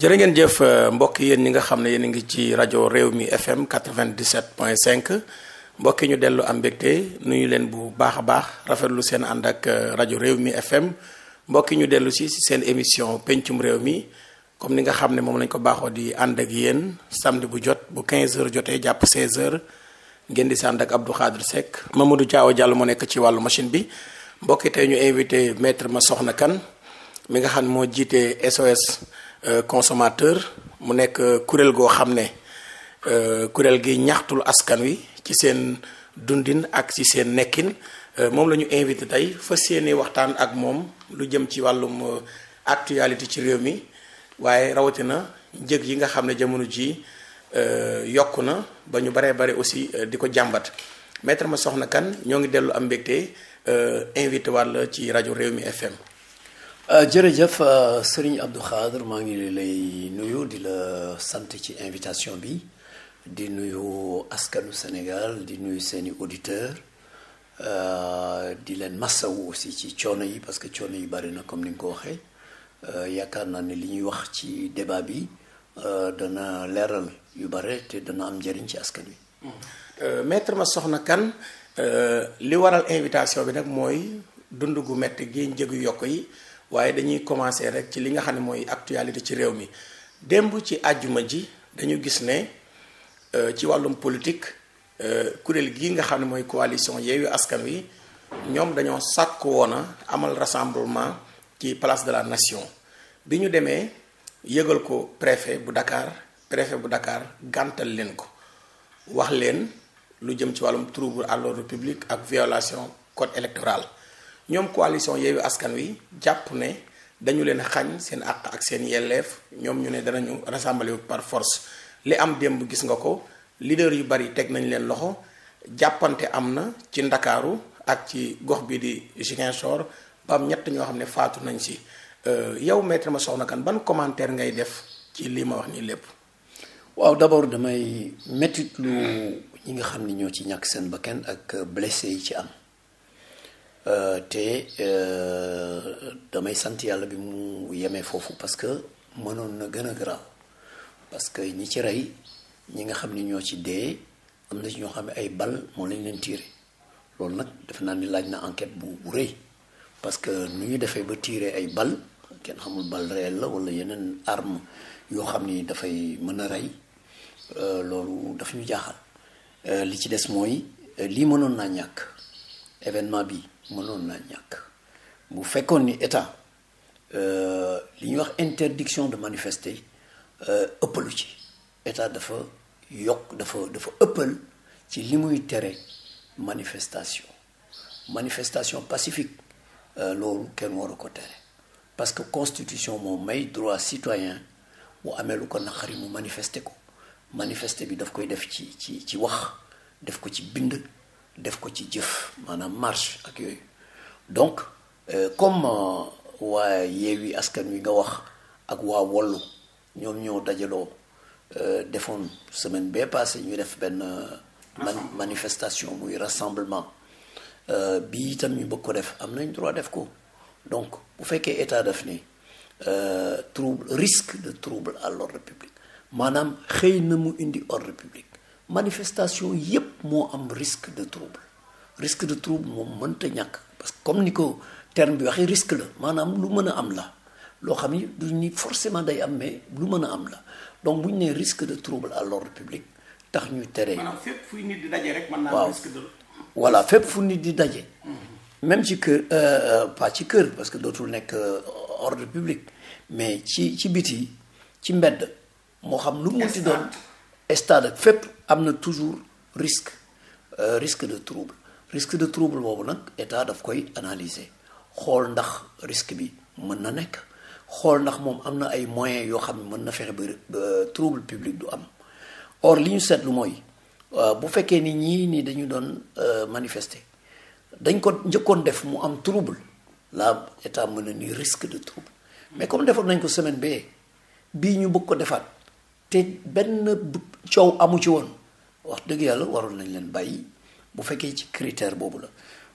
jërë ngeen jëf euh, mbokk yéen ni nga xam ne yéen a ngi ci rajo réew mi FM 97.5 mbokk yi ñu dellu am mbégte nuyu leen bu baax a baax rafetlu seen ànd ak euh, rajo réew mi FM mbokki ñu dellu si si seen émission pencum réew mi comme ni nga xam ne moom lañ ko baaxoo di ànd ak yéen samedi bu jot bu 15h jotee jàpp 16h ngeen di si ànd ak Abdou ma Seck. Mamadou Diaw jàll moo nekk ci wàllu machine bi mbokk yi tey ñu invité ma soxna kan mi nga xam moo jiite SOS. Euh, consommateur mu nekk euh, kuréel goo xam ne euh, kuréel gi ñaxtul askan wi ci seen dundin ak ci seen nekkin moom la ñu invité tey fas yéene waxtaan ak moom lu jëm ci wàllum actualité ci réew mi waaye rawatina njëg yi nga xam ne jamono ji yokk na ba ñu baree bare aussi di ko jàmbat ma Massokhna kan ñoo ngi dellu am mbégte invité wàll ci rajo réew mi FM. Euh, jërëjëf euh, Serigne Abdou Khadre maa ngi lay nuyu di la sant ci invitation bi di nuyu askanu Sénégal di nuyu seeni auditeur euh, di leen massawu aussi ci coono yi parce que coono yi bari na comme ni nga ko waxee yaakaar naa ne li ñuy wax ci débat bi dana leeral yu bare te dana am njëriñ ci askan wi. ma soxna kan li waral invitation bi nag mooy dund gu métti gi njëg yokk yi. waaye dañuy commencer rek ci li nga xam ne mooy actualité ci réew mi démb ci àjjuma ji dañu gis ne euh, ci wàllum politique euh, kuréel gi nga xam ne mooy coalition Yewwi Askan Wi ñoom dañoo sàkk woon a amal rassemblement ci place de la nation bi ñu demee yëgal ko préfet bu Dakar préfet bu Dakar gàntal leen ko wax leen lu jëm ci wàllum trouble à l'ordre ak violation code électoral ñoom coalition Yewwi Askan Wi jàpp ne dañu leen xañ seen àq ak seen yelleef ñoom ñu ne danañu rassembler par force li am démb gis nga ko leader yu bari teg nañ leen loxo jàppante am na ci ndakaaru ak ci gox bi di Ziguinchor ba am ñett ñoo xam ne faatu nañ si euh, yow ma Massokhna Kane ban commentaire ngay def ci lii ma wax nii lépp. waaw d'abord damay méttit lu ñi nga xam ne ñoo ci ñàkk seen bakkan ak blessé yi ci am. Euh, te euh, damay sant yàlla bi mu yemee foofu parce que mënoon na gën a grave parce que ñi ci rey ñi nga xam ni ñoo ci dee am na ci ñoo xam ne ay bal moo lañ leen tiire loolu nag defe naa ni laaj na enquête bu rëy parce que nu ñu defee ba tiire ay bal kenn xamul bal réel la wala yeneen arme yoo xam ni dafay mën a rey euh, loolu daf ñu jaaxal li ci des mooy lii mënoon naa ñàkk événement bi mënoon naa ñàkk bu fekkoon ni état euh, li ñuy wax interdiction de manifester euh, ëppalu ci état dafa yokk dafa dafa ëppal ci li muy tere manifestation manifestation pacifique euh, loolu kenn waru ko tere parce que constitution moo may droit citoyen mu amee lu ko naqari mu manifester ko manifester bi daf koy def ci ci ci wax def ko ci bind def ko ci jëf maanaam marche ak yooyu donc euh, comme euh, waa Yewwi Askan Wi nga wax ak waa Wallu ñoom ñoo dajaloo euh, defoon semaine bee passé ñu def benn man manifestation muy rassemblement bi itam ñu bëgg ko def am nañ droit def ko donc bu fekkee état def ni trouble risque de trouble à l'ordre public maanaam xëy na mu indi ordre public manifestation yépp moo am risque de trouble risque de trouble moom mënta ñàkk parce que comme ni ko terme bi waxee risque la maanaam lu mën a am la loo xam ni du ni forcément day am mais lu mën a am la donc bu ñu nee risque de trouble à l'ordre publique tax ñu tere. maanaam fépp fu rek. mën naa am voilà fépp fu nit di daje. Mhm. même ci kër euh, euh, pas ci kër parce que dootul nekk euh, ordre public mais ci ci biti ci mbedd moo xam lu mu munti doon stade ak fépp. am na toujours risque euh, risque de trouble risque de trouble boobu nag état daf koy analyser xool ndax risque bi mën na nekk xool ndax moom am na ay moyens yoo xam ne mën na fexe ba trouble public du am or li ñu seetlu mooy euh, bu fekkee ni ñii nii dañu doon euh, manifester dañ ko njëkkoon def mu am trouble la état mën na nii risque de trouble mais comme defoon nañ ko semaine bee bii ñu bëgg ko defaat te benn coow amu ci woon wax dëgg yàlla waroon nañ leen bàyyi bu fekkee ci critère boobu la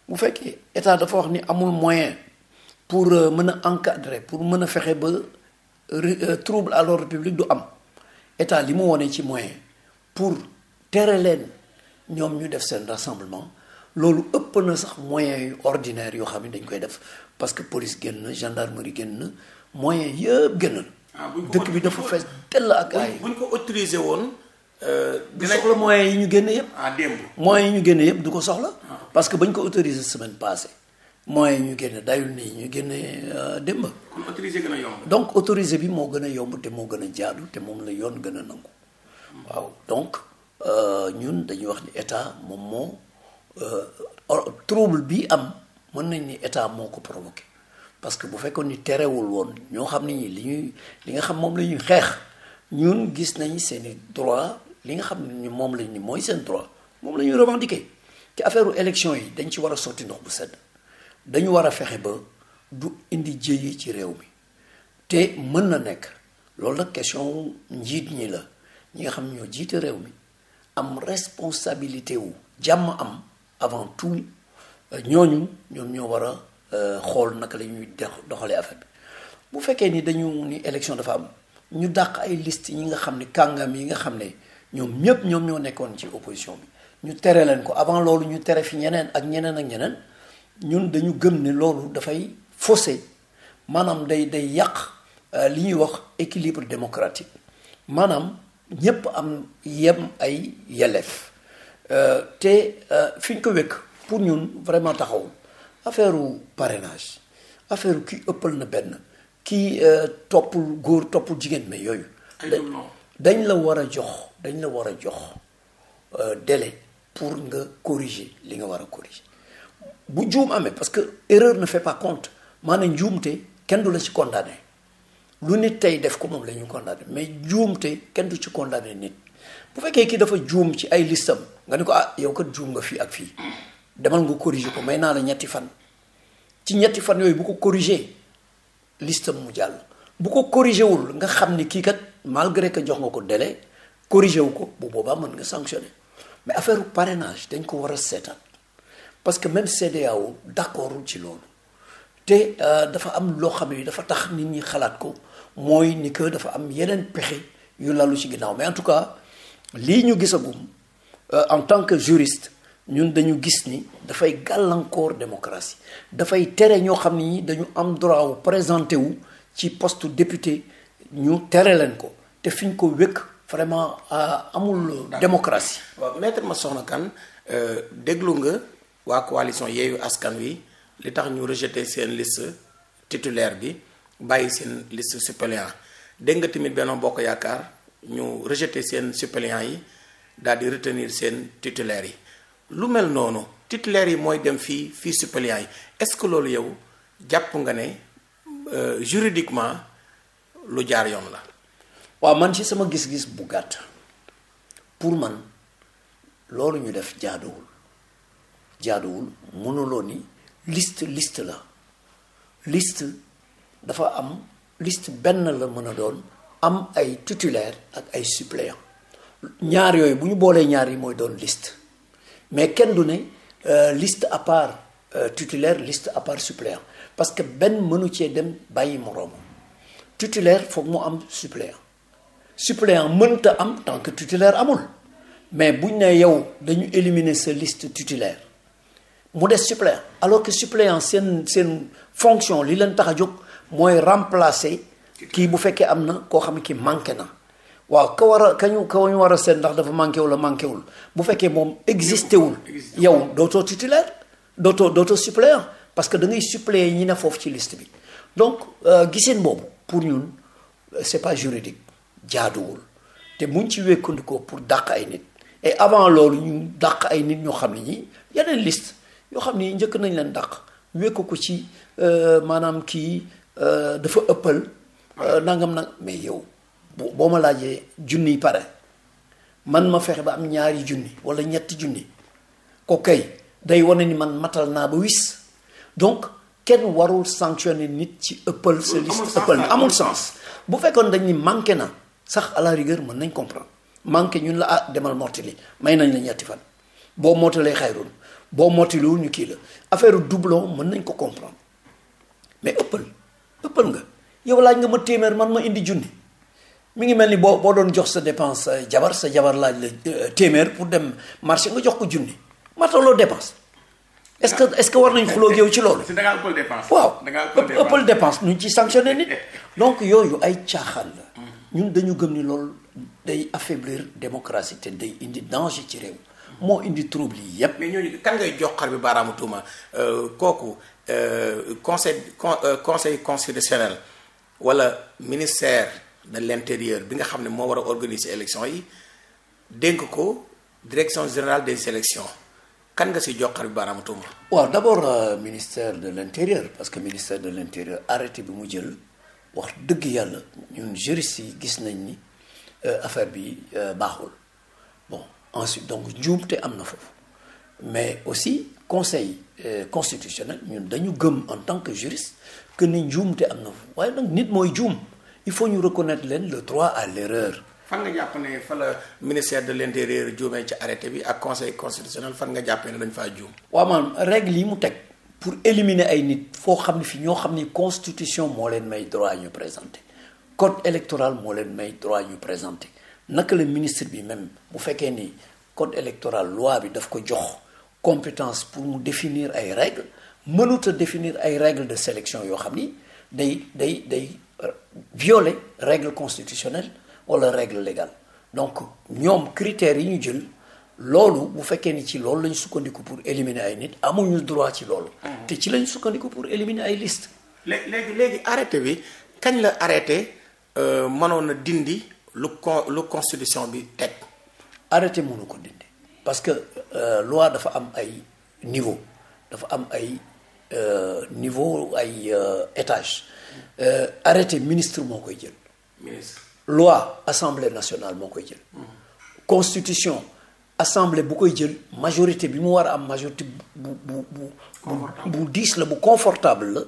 bu fekkee état dafa wax ni amul moyen pour euh, mën a encadrer pour mën a fexe ba euh, trouble à l'ordre public du am état li mu wanee ci moyen pour tere leen ñoom ñu def seen rassemblement loolu ëpp na sax moyens yu ordinaire yoo xam ne dañ koy def parce que police génn gendarmerie génn moyens yëpp génn na. Ah, dëkk bi dafa fees dell ak ay. buñ ko autorisé woon. Euh, du soxla moyens yi ñu génne yëpp. ah démb. yi ñu génne yëpp du ko soxla. Ah, parce que bañ ko autorisé semaine passée moyens yi ñu génne dayul nii ñu génne euh, démb. gën a yomb. donc autoriser bi moo gën a yomb te moo gën a jaadu te moom la yoon gën a nangu. waaw donc euh, ñun dañuy wax ni état moom moo trouble bi am mën nañ ni état moo ko provoqué parce que bu fekkoon ni terewul woon ñoo xam ne ñi li ñuy li nga xam moom la ñuy xeex ñun gis nañ seeni droit li nga xam ne moom lañ ni mooy seen droit moom la ñuy revendiquer ci affaire élection yi dañ ci war a sotti ndox bu sedd dañu war a fexe ba du indi jéyi ci réew mi te mën na nekk loolu nag question njiit ñi la ñi nga xam ñoo jiite réew mi am responsabilité wu jàmm am avant tout ñooñu ñoom ñoo war a euh, xool naka la ñuy doxalee affaire bi bu fekkee ni dañu ni élection dafa am ñu dàq ay liste ñi nga xam ne kàngam yi nga xam ne ñoom ñëpp ñoom ñoo nekkoon ci opposition bi ñu tere leen ko avant loolu ñu tere fi ñeneen ak ñeneen ak ñeneen ñun dañu gëm ni loolu dafay faussé maanaam day day yàq euh, li ñuy wax équilibre démocratique maanaam ñëpp am yem ay yelleef euh, te euh, fi ñu ko wekk pour ñun vraiment taxawul affaire u parrainage affaire kii ëppal na benn kii toppul góor toppul jigéen mais yooyu dañ la war a jox dañ la war a jox euh, délai pour nga corriger li nga war a corriger bu juum amee parce que erreur na fait pas compte maanaam njuumte kenn du la ci condamné lu nit tey def ko moom la ñu mais njuumte kenn du ci condamné nit bu fekkee kii dafa juum ci ay listam nga ne ko ah yow kat juum nga fii ak fii demal nga corriger ko may naa la ñetti fan ci ñetti fan yooyu bu ko corriger listam mu jàll bu ko corrigé wul nga xam ni kii kat malgré ko jox nga ko délai corrigé wu ko bu boobaa mën nga sanctionné mais affaire parenage dañ ko war a seetaat parce que même CEDEAO d'accordul ci loolu te euh, dafa am loo xam ne dafa tax nit ñi xalaat ko mooy ni ko dafa am yeneen pexe yu lalu ci ginnaaw mais en tout cas lii ñu gisagum euh, en tant que juriste ñun dañu gis ni dafay gàllankoor démocratie dafay tere ñoo xam ni dañu am droit wu présenté wu ci poste député ñu tere leen ko te fi ñu ko wékk vraiment euh, amul démocratie waaw maître Massokhna Kane euh, déglu nga waa coalition Yewwi Askan Wi li tax ñu rejeté seen liste titulaire bi bàyyi seen liste suppléant dégg nga tamit benn Benno Bokk Yaakaar ñu rejeté seen suppléant yi daal di retenir seen titulaire yi lu mel noonu titulaire yi mooy dem fii fii suppléant yi est-ce que loolu yow jàpp nga ne Euh, juridiquement lu jaar yoon la. waaw man ci sama gis-gis bu gàtt pour man loolu ñu def jaaduwul jaaduwul mënuloo ni liste liste la liste dafa am liste benn la mën a doon am ay titulaire ak ay suppléant ñaar yooyu bu ñu boolee ñaar yi mooy doon liste mais kenn du ne euh, liste à part euh, titulaire liste à part suppléant parce que benn mënu cee dem bàyyi moroomam titulaire foog mu am suppléant suppléant mënta am tant que titulaire amul mais buñ ne yow dañu éliminer sa liste titulaire mu des suppléant alors que suppléant seen seen fonction li leen tax a jóg mooy remplacer kii bu fekkee am na koo xam ne ki manqué na waaw ka war a kañu ka ñu war a seet ndax dafa manqué wala manqué wul bu fekkee moom existé wul yow dootoo titulaire dootoo dootoo suppléant parce que dangay ngay suppléer ñi ne foofu ci liste bi donc euh, giseen boobu pour ñun euh, c'est pas juridique jaaduwul te muñ ci wékkandikoo pour dàq ay nit et avant loolu ñu dàq ay nit ñoo xam ne ñi yeneen liste yoo xam ni njëkk nañ leen dàq wékku ko ci euh, maanaam kii dafa ëppal nangam nag mais yow boo ma laajee junni pare man ma fexe ba am ñaari junni wala ñetti junni ko kay day wane ni man matal naa ba wis donc kenn warul sanctionner nit ci ëppal sa liste ëppal na amul sens bu fekkoon dañ ni manqué na sax à rigueur mën nañ comprendre manqué ñun la ah demal mortali may nañ la ñetti fan boo mootalee xayrun boo mootilul ñu kii la affaire doublon mën nañ ko comprendre mais ëppal ëppal nga yow laaj nga ma téeméer man ma indi junni mu ngi mel ni boo boo doon jox sa dépense euh, jabar sa jabar laaj la euh, téeméer pour dem marché nga jox ko junni mataloo dépense est-ce que est-ce que war nañ xuloo yow ci loolu. da ngaa ëppal dépense. waaw ëppal ci sanctionné nit. donc yooyu ay caaxaan la. ñun dañu gëm ni loolu day affaiblir démocratie te day indi danger ci réew. moo indi trouble yi yépp mais kan ngay jox xar bi baaraamu tuuma euh, kooku euh, conseil euh, conseil constitutionnel wala ministère de l'intérieur bi nga xam ne moo war a organiser élection yi dénk ko direction générale des élections kan nga si joxar bi baaraamu tuuma. waaw d' abord euh, ministère de l' intérieur parce que ministère de l' intérieur arrêté bi mu jël wax dëgg yàlla ñun juriste yi gis nañ ni euh, affaire bi euh, baaxul bon ensuite donc njuumte am na foofu mais aussi conseil euh, constitutionnel ñun dañu gëm en tant que juriste que ni njuumte am na foofu waaye nag nit mooy juum il faut ñu reconnaître leen le droit à l' erreur. fan nga jàpp ne fa la ministère de l' intérieur juumee ci arrêté bi ak conseil constitutionnel fan nga jàppee ne dañ faa juum. waaw man règle yi mu teg pour éliminer ay nit foo xam ne fi ñoo xam ni constitution moo leen may droit ñu présenté code électoral moo leen may droit ñu présenter naka la ministre bi même bu fekkee ni code électoral loi bi daf ko jox compétence pour mu définir ay règles mënut a définir ay règles de sélection yoo xam ni day day day euh, violer règle constitutionnelle. wala règle légale donc ñoom critères yi ñu jël loolu bu fekkee ni ci loolu lañ sukkandiku pour éliminer ay nit amuñu droit ci loolu. Mm-hmm. te ci lañ sukkandiku pour éliminer ay liste. léegi léegi arrêté bi kañ la arrêté euh, manoon na dindi lu con lu constitution bi teg. arrêté mënu ko dindi parce que euh, loi dafa am ay niveau dafa am ay euh, niveau ay étage arrêté ministre moo koy jël. loi assemblée nationale moo koy jël constitution assemblée bu koy jël majorité bi mu war a am majorité bu bu bu diis la bu confortable la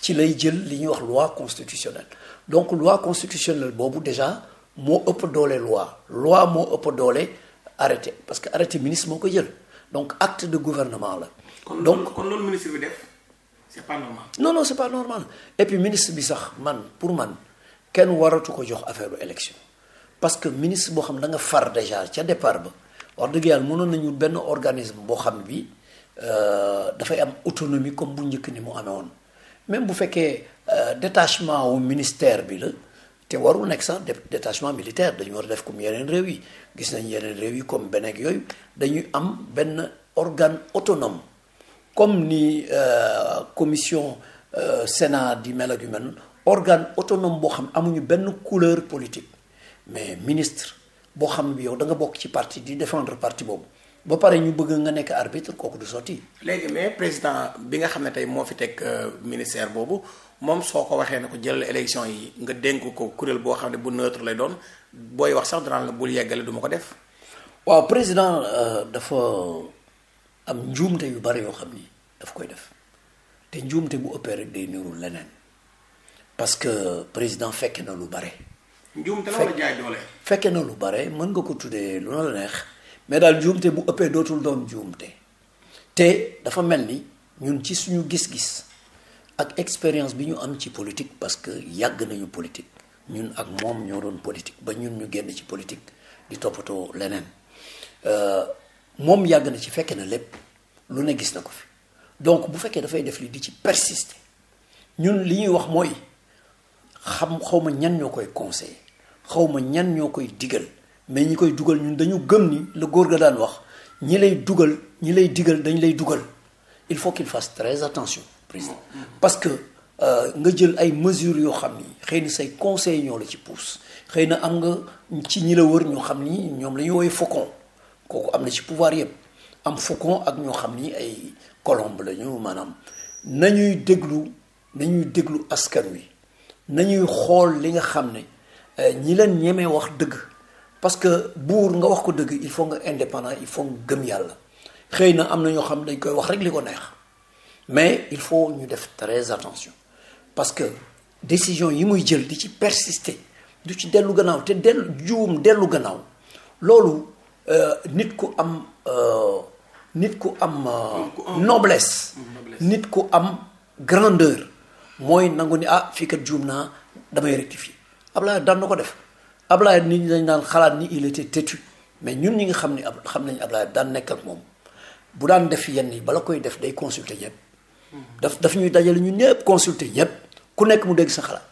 ci lay jël li ñuy wax loi constitutionnelle donc loi constitutionnelle boobu déjà moo ëpp doole loi loi moo ëpp doole arrêté parce que arrêté ministre moo koy jël donc acte de gouvernement la. donc kon loolu ministre bi def c'est pas normal. non non c'est pas normal et ministre bi sax man pour man. kenn waratu ko jox affaire élection parce que ministre boo xam ne da nga far déjà ca départ ba wax dëgg yàlla mënoon nañu benn organisme boo xam bi euh, dafay am autonomie comme bu njëkk ni mu amee woon même bu fekkee euh, détachement wu ministère bi la te waru nekk sax détachement militaire dañu war a def comme yeneen réew yi gis nañ yeneen réew yi comme beneeg yooyu dañuy am benn organe autonome comme ni euh, commission Sénat di mel ak yu organe autonome boo xam ne amuñu benn couleur politique mais ministre boo xam ne bi yow danga bokk ci parti di défendre parti boobu ba pare ñu bëgg nga nekk arbitre kooku du sotti. léegi mais président bi nga xam ne tey moo fi teg euh, ministère boobu moom soo ko waxee ne ko jël élection yi nga dénk ko kuréel boo xam ne bu neutre lay doon booy wax sax danaan la bul yeggale du ma ko def. waaw président euh, dafa am njuumte yu bari yoo xam ni daf koy def te njuumte bu ëppee rek day leneen. parce que président fekke na lu bare. njuumte la wala na lu bare mën nga tuddee la neex mais daal njuumte bu ëppee dootul doon njuumte te dafa mel ni ñun ci suñu gis-gis ak expérience bi ñu am ci politique parce que yàgg nañu politique ñun ak moom ñoo doon politique ba ñun ñu génn ci politique di toppatoo leneen euh, moom yàgg na ci fekke na lépp lu ne gis na ko fi donc bu fekkee dafay def li di ci persister ñun li ñuy wax mooy. xam xaw ma ñan ñoo koy conseillé xaw ma ñan ñoo koy digal mais ñi koy dugal ñun dañu gëm ni la góor ga daan wax ñi lay dugal ñi lay digal dañ lay dugal il faut qu'il fasse très attention président parce que euh, nga jël ay mesures yoo xam ni xëy na say conseils ñoo la ci pousse xëy na am nga ci ñi la wër ñoo xam ni ñoom la ñu woowee kooku am na ci pouvoir yëpp am faucon ak ñoo xam ni ay colombe la ñu maanaam nañuy déglu nañuy déglu askan wi nañuy xool li nga xam ne euh, ñi leen ñemee wax dëgg parce que buur nga wax ko dëgg il faut nga indépendant il faut nga gëm yàlla xëy na am na ñoo xam dañ koy wax rek li ko neex mais il faut ñu def très attention parce que décision yi muy jël di ci persister du ci dellu gannaaw te dellu juum dellu gannaaw loolu euh, nit ku am euh, nit ku am noblesse nit ku am grandeur mooy nangu ni ah fii kat juum naa damay rectifier Ablaye daan na ko def Ablaye nit ñi nañ daan xalaat ni il était mais ñun ñi nga xam ni ab xam nañ Ablaye daan nekk ak moom bu daan def yenn yi bala koy def day consulter ñëpp. daf daf ñuy dajale ñu ñëpp consulter ñëpp ku nekk mu dégg sa xalaat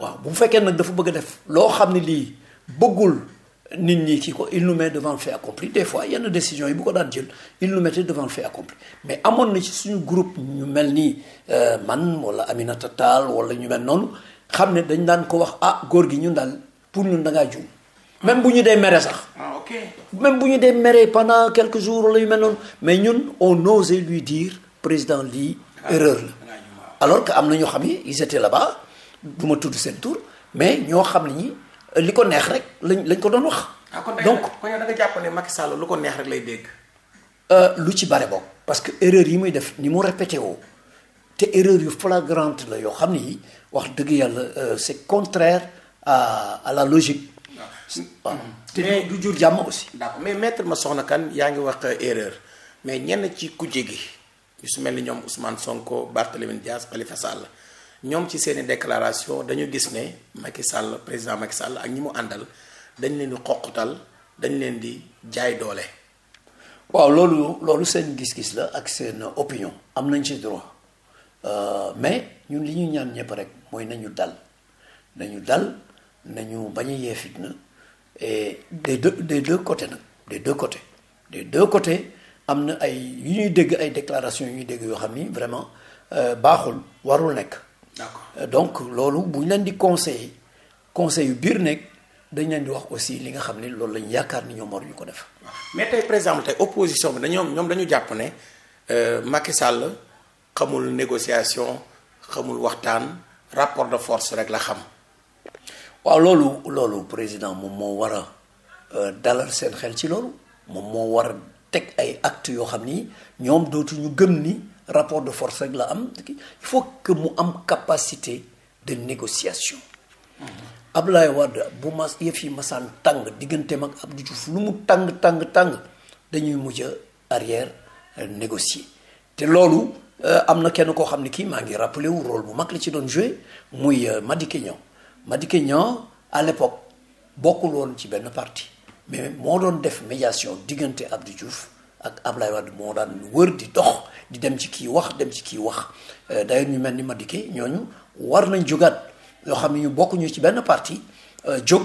waaw bu fekkee nag dafa bëgg a def loo xam ne lii bëggul. nit ñi kii ko il nous met devant fait accompli des fois yenn décisions yi bu ko daan jël il nous mettait devant fait accompli mais amoon na ci suñu groupe ñu mel ni euh, man wala Aminata Tall wala ñu mel noonu xam ne dañ daan ko wax ah góor gi ñun daal pour ñun da ngaa juum même bu ñu dee mere sax ah, même bu ñu dee mere pendant quelque jours la ñu mel noonu mais ñun on osait lui diir président lii erreur la alors que am na ñoo xam yi ils étaient là-bas ma tudd seen tour mais ñoo xam ne ñi li ko neex rek lañ lañ ko doon wax. Ah, donc kon yow da nga jàpp ne Macky lu ko neex rek lay dégg. Euh, lu ci bare bokk parce que erreur yi muy def ni mu répété woo te erreur yu flagrante la yoo xam ni wax dëgg yàlla euh, se contraire à à la logique. Ah. te du jur jàmm aussi. d'accord mais ma Massokhna kan yaa ngi wax euh, erreur mais ñenn ci kujje gi. yu su mel ni ñoom Ousmane Sonko Barthélémy Dias Khalifa Sall. ñoom ci seen i déclaration dañu gis ne Macky Sall président Macky Sall ak ñi mu àndal dañ leen di xoqatal dañ leen di jaay doole. waaw loolu loolu seen gis-gis la ak seen opinion am nañ ci droit euh, mais ñu li ñu ñaan ñëpp rek mooy nañu dal nañu dal nañu bañ a yee fitna et des deux de deux nag des de côtés de deux côtés am na ay yu ñuy dégg ay déclaration yu ñuy dégg yoo xam ni vraiment euh, baaxul warul nekk. d'accord euh, donc loolu bu ñu leen di conseiller conseil yu biir nekk dañu leen di wax aussi li nga xam ne loolu lañ yaakaar ni ñoom war ñu ko def. mais tey par exemple tey opposition bi dañoo ñoom dañu jàpp ne euh, Macky Sall xamul négociation xamul waxtaan rapport de force rek la xam. waaw loolu loolu président moom moo war a euh, dalal seen xel ci loolu moom moo war a teg ay actes yoo xam ni ñoom dootuñu gëm ni. rapport de force rek la am il faut que mu am capacité de négociation mm-hmm. Abdoulaye Wade bu mas yëf yi masaan tàng diggante mag Abdou Diouf lu mu tàng tàng tàng dañuy mujj a arrière euh, négocier te loolu euh, am na kenn koo xam ne kii maa ngi rappelé wu rôle bu mag la ci doon joué muy Madické Niang Madické Niang à l'époque bokkul woon ci benn partie mais moo doon def médiation diggante Abdou Diouf ak Ablaye Wade moo daan wër di dox di dem ci kii wax dem ci kii wax euh, d'ailleurs ñu mel ni ma Madické ñooñu war nañ jógaat yoo xam ne ñu bokkuñu ci benn parti euh, jóg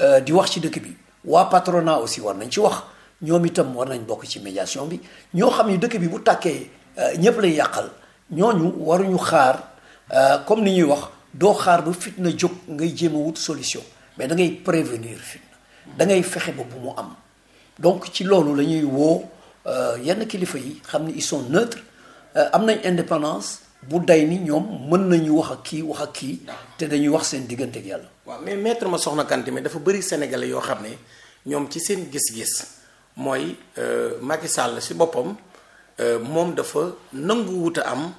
euh, di wax ci dëkk bi waa patronat aussi war nañ ci wax ñoom itam war nañ bokk ci médiation bi ñoo xam ne dëkk bi bu tàkkee ñëpp lay yàqal ñooñu waruñu xaar comme ni ñuy wax doo xaar ba fitna jóg ngay jéem a wut solution mais da ngay prévenir fitna da ngay fexe ba bu mu am donc ci loolu la woo. Euh, yenn kilifa yi xam ni ils sont euh, am nañ indépendance bu day ni ñoom mën nañu wax ak kii wax ak kii te dañuy wax seen diggante ak yàlla. waaw mais maître ma soxna mais dafa bëri sénégalais yoo xam ne ñoom ci seen gis-gis mooy euh, Macky Sall si boppam moom dafa nangu wut a am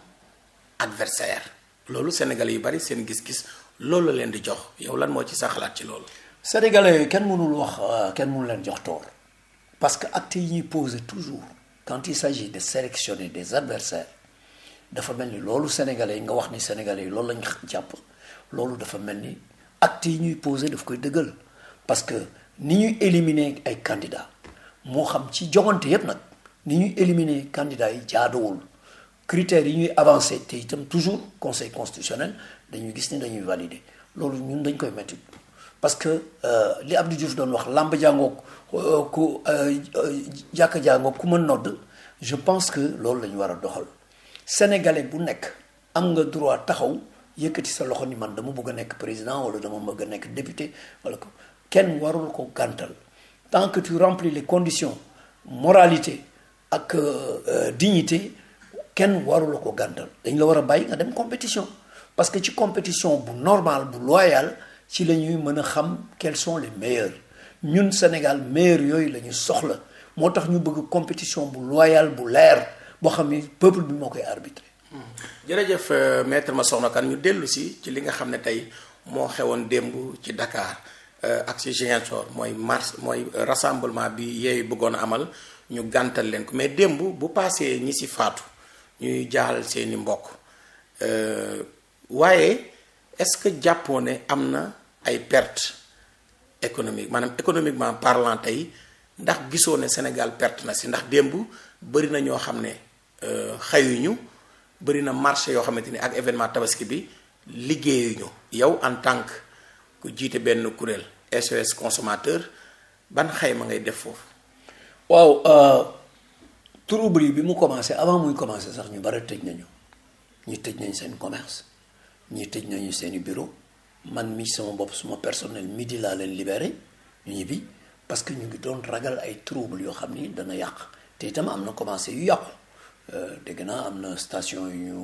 adversaire loolu sénégalais yu bari seen gis-gis loolu leen di jox yow lan moo ci sa xalaat ci loolu. sénégalais yooyu kenn mënul wax kenn mënul leen jox toor parce que acte yi ñuy posé toujours quand il s'agit de sélectionner des adversaires dafa mel ni loolu sénégalais yi nga wax ni sénégalais loolu lañ jàpp loolu dafa mel ni acte yi ñuy posé daf koy dëggal parce que ni ñuy éliminer ay candidats moo xam ci joŋante yëpp nag ni ñuy éliminer candidats yi jaaduwul critères yi ñuy avancé te itam toujours conseil constitutionnel dañuy gis ni dañuy valider loolu ñun dañ koy métti parce que euh, li Abdou Diouf doon wax làmb jàngoog euh, ku euh, jàkk jàngoo ku mën nodd je pense que loolu la ñu war a doxal sénégalais bu nekk am nga droit taxaw yëkkati sa loxo ni man dama bëgg a nekk président wala dama bëgg a nekk député wala ko kenn warul ko gàntal tant que tu remplis les conditions moralité ak dignité kenn warul ko gàntal dañ la war a bàyyi nga dem compétition parce que ci compétition bu normal bu loyal ci la ñuy mën a xam quels sont les meilleurs ñun Sénégal meilleurs yooyu la soxla moo tax ñu bëgg compétition bu loyale bu leer boo xam ni peuple bi moo koy arbitré. Hmm. jërëjëf euh, ma Massokhna Kane ñu dellu si ci li nga xam ne tey moo xewoon démb ci Dakar euh, ak ci Ziguinchor mooy mars mooy euh, rassemblement bi yeeyu bëggoon a amal ñu gàntal leen ko mais démb bu paasee ñi si faatu ñuy jaal seeni mbokk waaye est-ce que jàppoo ne am na ay perte économique maanaam économiquement parlant tey ndax gisoo ne Sénégal perte na si ndax démb bëri na ñoo xam ne euh, xayuñu bëri na marché yoo xamante ni ak événement tabaski bi liggéeyuñu yow en tant que ku jiite benn kuréel SOS consommateur ban xayma ngay def foofu. waaw euh, trouble yi bi mu commencé avant muy commencé sax ñu bari tëj nañu ñi tëj nañu seen commerce ñi tëj nañu seeni bureau man mi sama bopp suma personnel midi laa leen libéré ñu bi parce que ñu ngi doon ragal ay trouble yoo xam ni dana yàq te itam am na commencé yu yàqu euh, dégg naa am na station yu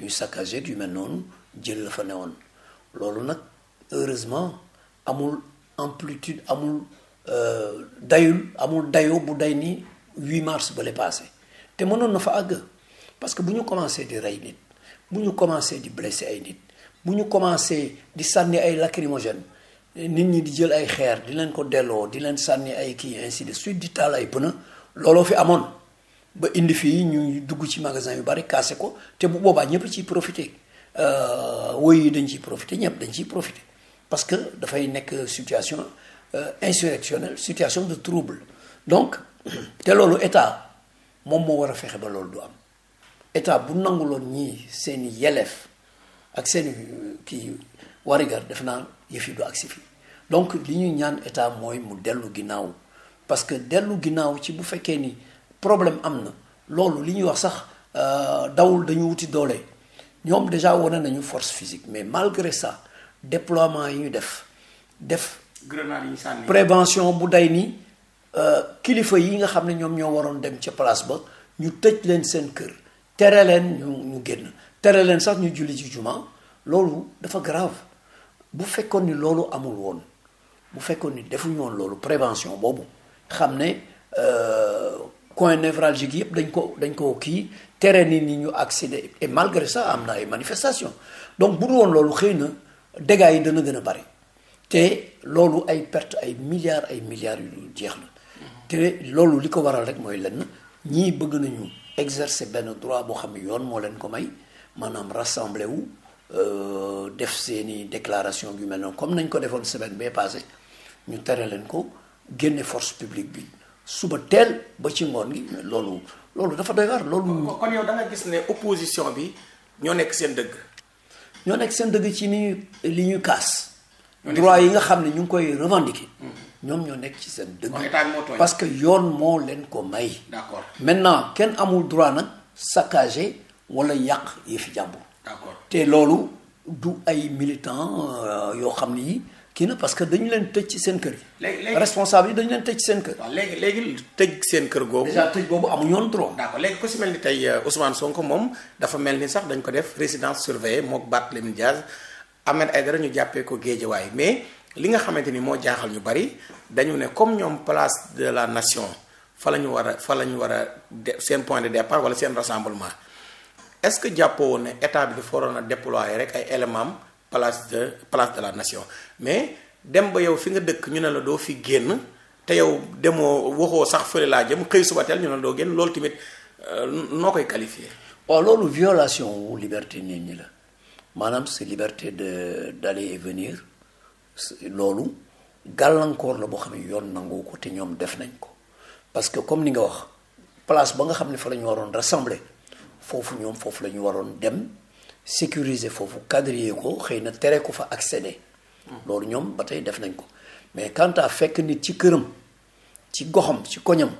ñu saccagé yu mel noonu jël la fa ne woon loolu nag heureusement amul amplitude amul euh, dayul amul dayoo bu day ni 8 mars ba le passé te mënoon na fa àgg parce que bu ñu commencé di rey nit bu ñu commencé di blessé ay nit bu ñu commencé di sànni ay lacrymogène nit ñi di jël ay xeer di leen ko delloo di leen sànni ay kii ainsi de suite di taal ay pneu looloo fi amoon ba indi fii ñu dugg ci magasin yu bari kaase ko te bu boobaa ñëpp ciy profité euh, woy yi dañ ciy profité ñëpp dañ ciy profité parce que dafay nekk situation euh, insurrectionnelle situation de trouble donc te loolu état moom moo war a fexe ba loolu du am état bu nangu nanguloon ñii seeni yelleef ak seen kii warigar def naa yëf yi du agsi fi donc li ñuy ñaan état mooy mu dellu ginnaaw parce que dellu ginnaaw ci bu fekkee ni problème am na loolu li ñuy wax sax euh, dawul dañu wuti doole ñoom déjà wane nañu force physique mais malgré sax déploiement yi ñu def def. grenade yi ñu prévention bu day ni euh, kilifa yi nga xam ne ñoom ñoo waroon dem ca place ba ñu tëj leen seen kër tere leen ñu ñu génn. tere leen sax ñu julli ci juma loolu dafa grave bu fekkoon ni loolu amul woon bu fekkoon ni defuñu woon loolu prévention boobu xam ne euh, coin névralgique yëpp dañ ko dañ ko kii tere nit ñi ñu accéder et malgré sax am na ay manifestations donc bu dul woon loolu xëy na dégâts yi dana gën a bari te loolu ay perte ay milliards ay milliards yu dul jeex la te loolu li ko waral rek mooy lenn ñii bëgg nañu exercer benn droit boo xam ne yoon moo leen ko may. maanaam rassemblé wu euh, def seeni déclaration bi mel noonu comme nañ ko defoon semaine bee passé ñu tere leen ko génne force publique bi suba teel ba ci ngoon gi loolu loolu dafa doy loolu. kon yow da gis ne opposition bi ñoo nekk seen dëgg. ñoo nekk seen dëgg ci ni li ñuy kaas. droit yi nga xam ne ñu ngi koy revendiquer. Mhm. ñoom ñoo nekk ci seen dëgg. parce que yoon moo leen ko may. d'accord maintenant kenn amul droit nag saccager. wala yàq yi fi jàmbur. d'accord te loolu du ay militant euh, yoo xam ni kii na parce que dañu leen tëj ci seen kër yi. léegi responsable yi dañu leen tëj ci kër. léegi léegi tëj seen kër googu. déjà tëj boobu amuñu woon droit. d'accord léegi ku si mel ni tey euh, Ousmane Sonko moom dafa mel ni sax dañ ko def résidence surveillée mook Barthélémy Diaz Ahmed Aïdara ñu jàppee ko Guédiawaye mais li nga xamante ni moo jaaxal ñu bari dañu ne comme ñoom place de la nation fa la ñu war a fa la ñu war a seen point de départ wala seen rassemblement. est-ce que jàppoo woon ne état bi dafa waroon a déployer rek ay éléments am de place de la nation mais dem ba yow fi nga dëkk ñu ne la doo fi génn te yow demoo waxoo sax fële laa jëm xëy suba teel ñu ne la doo génn loolu tamit euh, noo koy qualifier waaw oh, loolu violation wu liberté nit ñi la maanaam c'est liberté de d'aller et venir loolu gàllankoor la boo xam ne yoon nangoo ko te ñoom def nañ ko parce que comme ni nga wax place ba nga xam ne fa la ñu waroon rassembler foofu ñoom foofu la ñu waroon dem sécuriser foofu quadriller ko xëy na tere ko fa ak accéder loolu ñoom ba tey def nañ ko mais kanta fekk nit ci këram ci goxam ci koñam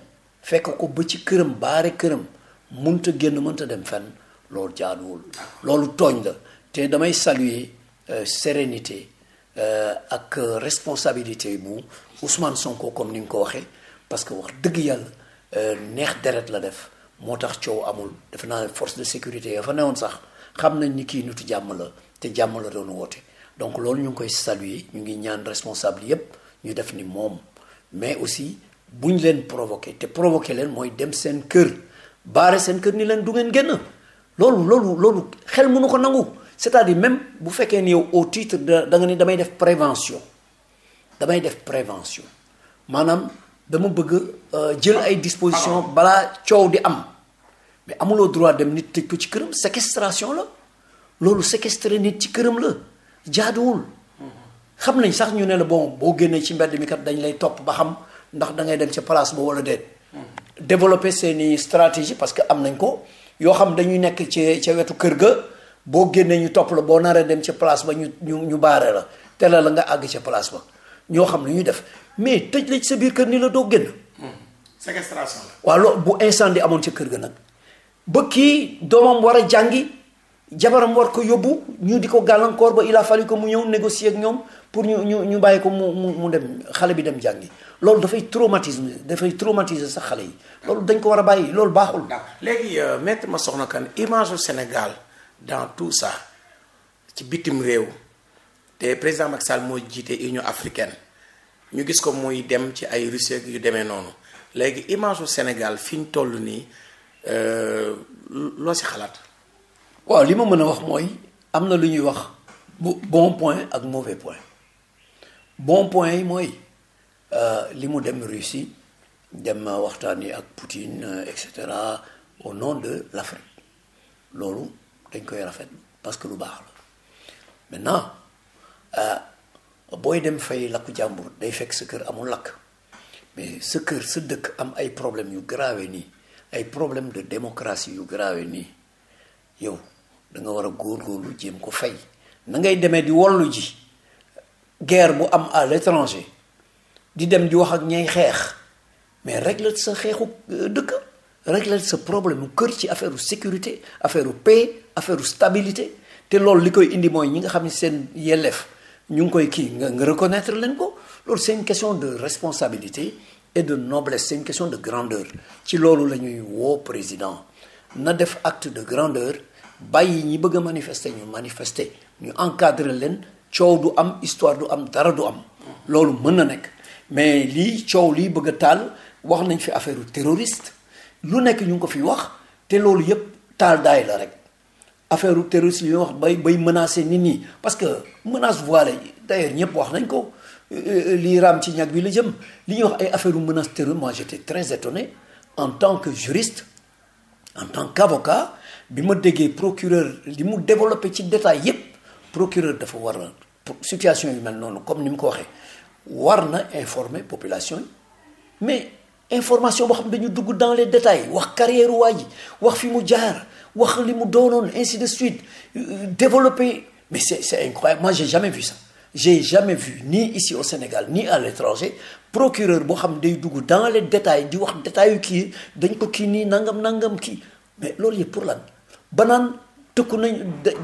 fekk ko ba ci këram baare këram mënta génn mënta dem fenn loolu jaaduwul loolu tooñ la te damay saluer euh, sérénité euh, ak responsabilité bu Ousmane Sonko comme ni nga ko waxee parce que wax dëgg yàlla euh, neex deret la def moo tax coow amul defe naa ne force de sécurité ya fa newoon sax xam nañ ni kii nitu jàmm la te jàmm la doon woote donc loolu ñu ngi koy saluer ñu ngi ñaan responsable yëpp ñu def ni moom mais aussi buñ leen provoqué te provoqué leen mooy dem seen kër baare seen kër ni leen du ngeen génn loolu loolu loolu xel mënu ko nangu c'est-à-dire même bu fekkee ni yow au titre da nga ni damay def prévention damay def prévention maanaam dama bëgg euh, jël ay dispositions balaa coow di am mais amuloo droit dem nit tëj ko ci këram séquestration la loolu séquestrer nit ci këram la jaaduwul. Mm-hmm. xam nañ sax ñu ne la boo bon boo génnee ci mbedd mi kat dañ lay topp ba xam ndax dangay dem ca place ba wala déet. Mm-hmm. développer seeni stratégie parce que am nañ ko yoo xam dañuy nekk ci ca wetu kër ga boo génnee ñu topp la boo naree dem ca place ba ñu ñu ñu baare la te la la nga àgg ca place ba. ñoo xam lu ñuy def mais tëj la ci sa biir kër ni la doo gën hmm. séquestration la. waaw loolu bu incendie amoon ci kër ga nag ba kii doomam war a jàngi jabaram war ko yóbbu ñu di ko gàllankoor ba il a fallu que mu ñëw négocier ak ñoom pour ñu ñu ñu bàyyi ko mu mu mu dem xale bi dem jàngi loolu dafay traumatisme dafay traumatiser sax xale yi. loolu dañ ko war a bàyyi loolu baaxul. léegi euh, ma soxna Kane image Sénégal dans tout sax ci bitim réew. te président Macky Sall moo jiite Union africaine ñu gis ko muy dem ci ay Russie yu demee noonu léegi image u Sénégal fi ñu toll nii euh, loo si xalaat. waaw li ma mën a wax mooy am na lu ñuy wax bu bon point ak mauvais point bon point yi mooy euh, li mu dem Russie dem waxtaan yi ak Poutine euh, et cetera au nom de l'Afrique loolu dañ koy rafet parce que lu baax la maintenant. ah booy dem fay lakku jàmbur day fekk sa kër amul lakk mais sa kër sa dëkk am ay problème yu grave nii ay problème de démocratie yu grave nii yow da nga war a góorgóorlu jéem ko fay na ngay demee di wollu ji guerre bu am à l'étranger di dem di wax ak ñay xeex mais réglal sa xeexu euh, dëkk réglal sa problème mu kër ci affaire sécurité affaire paix affaire stabilité te loolu li koy indi mooy ñi nga xam ne seen yelleef ñu ngi koy kii nga nga reconnaître leen ko loolu c'est une question de responsabilité et de noblesse c'est une question de grandeur ci loolu la ñuy woo président na def acte de grandeur bàyyi ñi bëgg a manifester ñu manifester ñu encadrer leen coow du am histoire du am dara du am loolu mën na nekk mais lii coow lii bëgg a taal wax nañ fi affaire terroriste lu nekk ñu ngi ko fi wax te loolu yépp taal daay la rek affaire terroriste bi wax bay bay menacer nit ñi parce que menace voilée d'ailleurs ñëpp wax nañ ko euh, euh, lii raam ci ñag bi la jëm li ñuy wax ay affaire menace terroriste moi j'étais très étonné en tant que juriste en tant qu'avocat bi ma déggee procureur li mu développé ci détail yépp procureur dafa war a situation yu mel noonu comme ni mu ko waxee war na informer population yi information boo xam dañu dugg dans les détails wax carrière waa ji wax fi mu jaar wax li mu doonoon ainsi de suite euh, développer mais c'est c'est incroyable moi j'ai jamais vu ça j'ai jamais vu ni ici au Sénégal ni à l'étranger procureur boo xam day dugg dans les détails di wax yu kii dañ ko kii nii nangam nangam kii mais loolu yëpp pour lan banaan tëkk tëkku nañ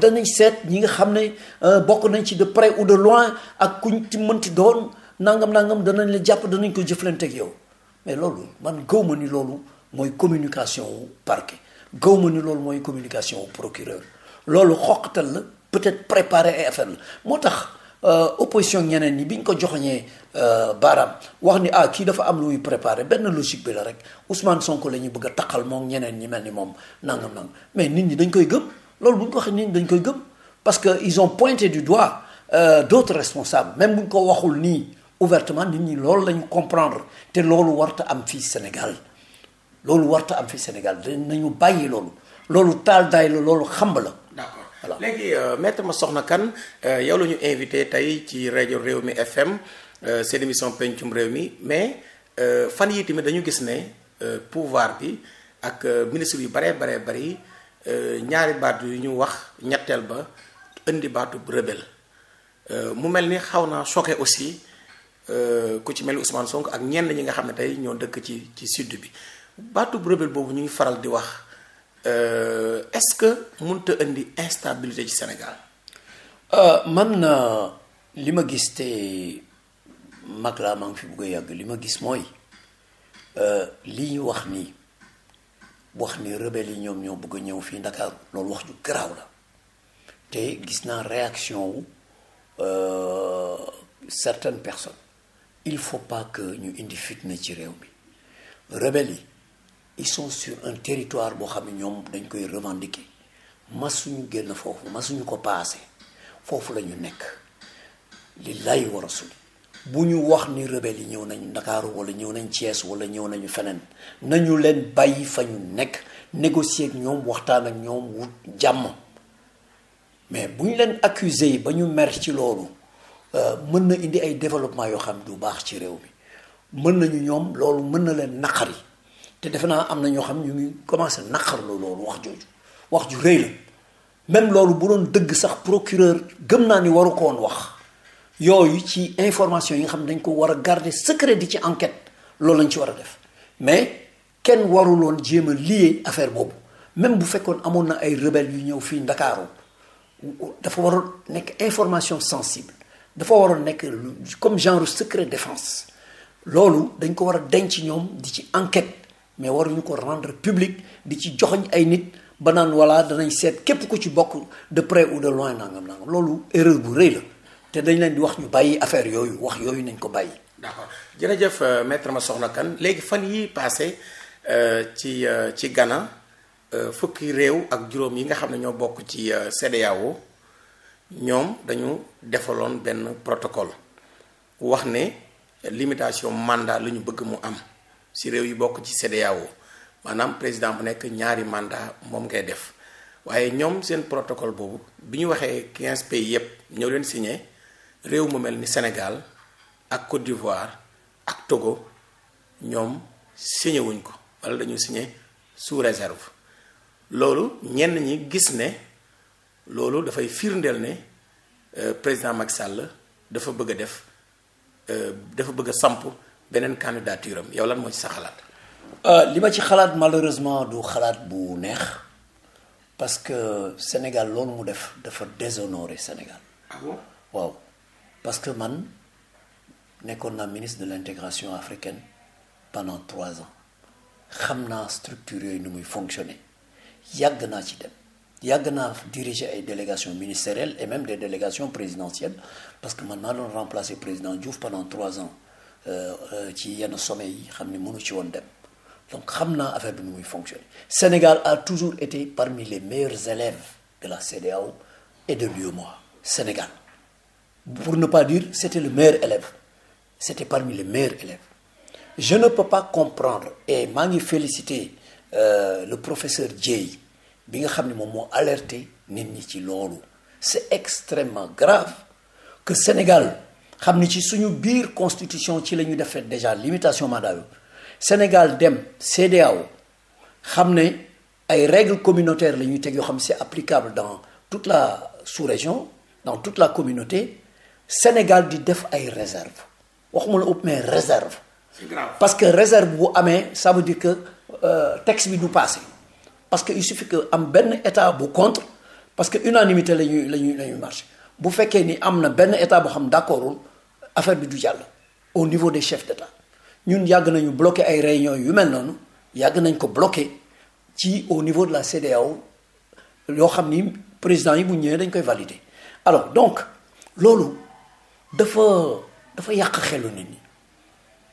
danañ seet ñi nga xam ne euh, bokk nañ ci de près ou de loin ak kuñ ci mënti doon nangam nangam danañ la jàpp danañ ko jëflante ak yow mais loolu man gaw ma ni loolu mooy communication wu parquet gaw ma ni loolu mooy communication wu procureur loolu xoqatal la peut-être préparé ay affaire la moo tax euh, opposition ñeneen ñi bi ñu ko joxoñee euh, baaraam wax ni ah kii dafa am lu muy préparé benn logique bi la rek Ousmane Sonko la ñuy bëgg a taqal moom ñeneen ñi mel ni moom nangam nangam mais nit ñi dañ koy gëm loolu bu ñu ko waxee nit ñi dañ koy gëm parce que ils ont pointé du doigt euh, d'autres responsables même bu ñu ko waxul nii. ouvertement nit ñi loolu lañu comprendre te loolu warta am fii Sénégal loolu warta am fii Sénégal dinañu bàyyi loolu loolu taal daay la loolu xamb la. d'accord voilà léegi euh, maître Massokhna Kane euh, yow la ñu invité tey ci rajo réew mi FM euh, seen émission pencum réew mi mais fan yii tamit dañu gis ne pouvoir bi ak ministre yu baree baree bari ñaari baatu yu ñu wax ñetteel ba indi baatu rebelle mu mel ni xaw naa choqué aussi. Euh, ku ci mel Ousmane Sonko ak ñenn ñi nga xam ne tey ñoo dëkk ci ci sud bi baatu rebelle boobu ñu ngi faral di wax euh, est-ce que mënta indi instabilité ci Sénégal. Euh, man li ma gis te mag laa maa fi bugg yàgg li ma gis mooy li ñu wax ni wax ni rebelle yi ñoom ñoo bugg a ñëw fii Dakar loolu wax ju garaaw la te gis naa réaction wu certaines personne il faut pas que ñu indi fitna ci réew mi rebelles yi ils sont sur un territoire boo xam ne ñoom dañ koy ma masuñu génn foofu masuñu ko paase foofu lañu ñu nekk li lay war a sul bu ñu wax ni rebelles yi ñëw nañu Ndakaaru wala ñëw nañ Thiès wala ñëw nañu feneen nañu leen bàyyi fa ñu nekk négocier ak ñoom waxtaan ak ñoom wut jàmm mais bu ñu leen accuser yi ba ñu mer ci loolu Euh, mën na indi ay développement yoo xam du baax ci réew mi mën nañu ñoom loolu mën na leen naqari te defe naa am na ñoo xam ñu ngi commencé naqarlu loolu wax jooju wax ju rëy la même loolu bu doon dëgg sax procureur gëm naa ni waru ko wax yooyu ci information yi nga xam dañ ko war a garder secret di ci enquête loolu lañ ci war a def mais kenn waruloon jéem a lié affaire boobu même bu fekkoon amoon na ay rebelle yu ñëw fii Ndakaaru dafa waroon nekk information sensible dafa waroon nekk comme genre secret défense loolu dañ ko war a denc ñoom di ci enquête mais waruñu ko rendre publique di ci joxoñ ay nit ba naan walla danañ seet képp ku ci bokk de près ou de loin nangam nangam loolu erreur bu rëy la te dañ leen di wax ñu bàyyi affaire yooyu wax yooyu nañ ko bàyyi. d'accord jërëjëf ma soxna kan léegi fan yi passé euh, ci euh, ci Ghana euh, fukki réew ak juróom yi nga xam ne ñoo bokk ci CEDEAO. ñoom dañu defaloon benn protocole wax ne limitation mandat la ñu bëgg mu am si réew yi bokk ci CEDEAO maanaam président bu nekk ñaari mandat moom ngay def waaye ñoom seen protocole boobu bi ñu waxee 15 pays yépp ñëw leen signé réew mu mel ni Sénégal ak Côte d'Ivoire ak Togo ñoom signé wuñ ko wala dañu signé sous réserve loolu ñenn ñi gis ne loolu dafay firndeel ne euh, président Macky Sall dafa bëgg a def euh, dafa bëgg a samp beneen candidature am yow lan moo ci sa xalaat. Euh, li ma ci xalaat malheureusement du xalaat bu neex parce que Sénégal loolu mu def dafa déshonoré Sénégal. Ah waaw parce que man nekkoon naa ministre de l'intégration africaine pendant trois ans xam naa structure yooyu nu muy fonctionner yàgg naa ci dem. yàgg naa diriger ay délégations ministérielles et même des délégations présidentielles parce que man maa doon remplacer président Diouf pendant trois ans euh, euh, ci yenn sommet yi xam ni mënu ci woon dem donc xam naa affaire bi muy fonctionner Sénégal a toujours été parmi les meilleurs élèves de la CEDEAO et de moi Sénégal pour ne pas dire c'était le meilleur élève c'était parmi les meilleurs élèves je ne peux pas comprendre et maa ngi féliciter euh, le professeur Dieye bi nga xam ne moom moo alerte nit ñi ci loolu c'est extrêmement grave que Sénégal xam ni ci suñu biir constitution ci la ñu defee déjà limitation mandat bi Sénégal dem CEDEAO xam ne ay règles communautaire la ñuy teg yoo xam ne c'est applicable dans toute la sous-région dans toute la communauté Sénégal di def ay réserves waxuma la ëpp mais réserve parce que réserve bu amee ça veut dire que euh, texte bi du passé parce que il suffit que am benn état bu contre parce que unanimité la ñuy la ñuy la marché bu fekkee ni am na benn état boo xam d'accordul affaire bi du jàll au niveau des chefs d'état ñun yàgg nañu bloqué ay réunions yu mel noonu yàgg nañ ko bloqué ci au niveau de la CEDEAO yoo xam ni président yi bu ñëwee dañ koy valider alors donc loolu dafa dafa yàq xelu nit ñi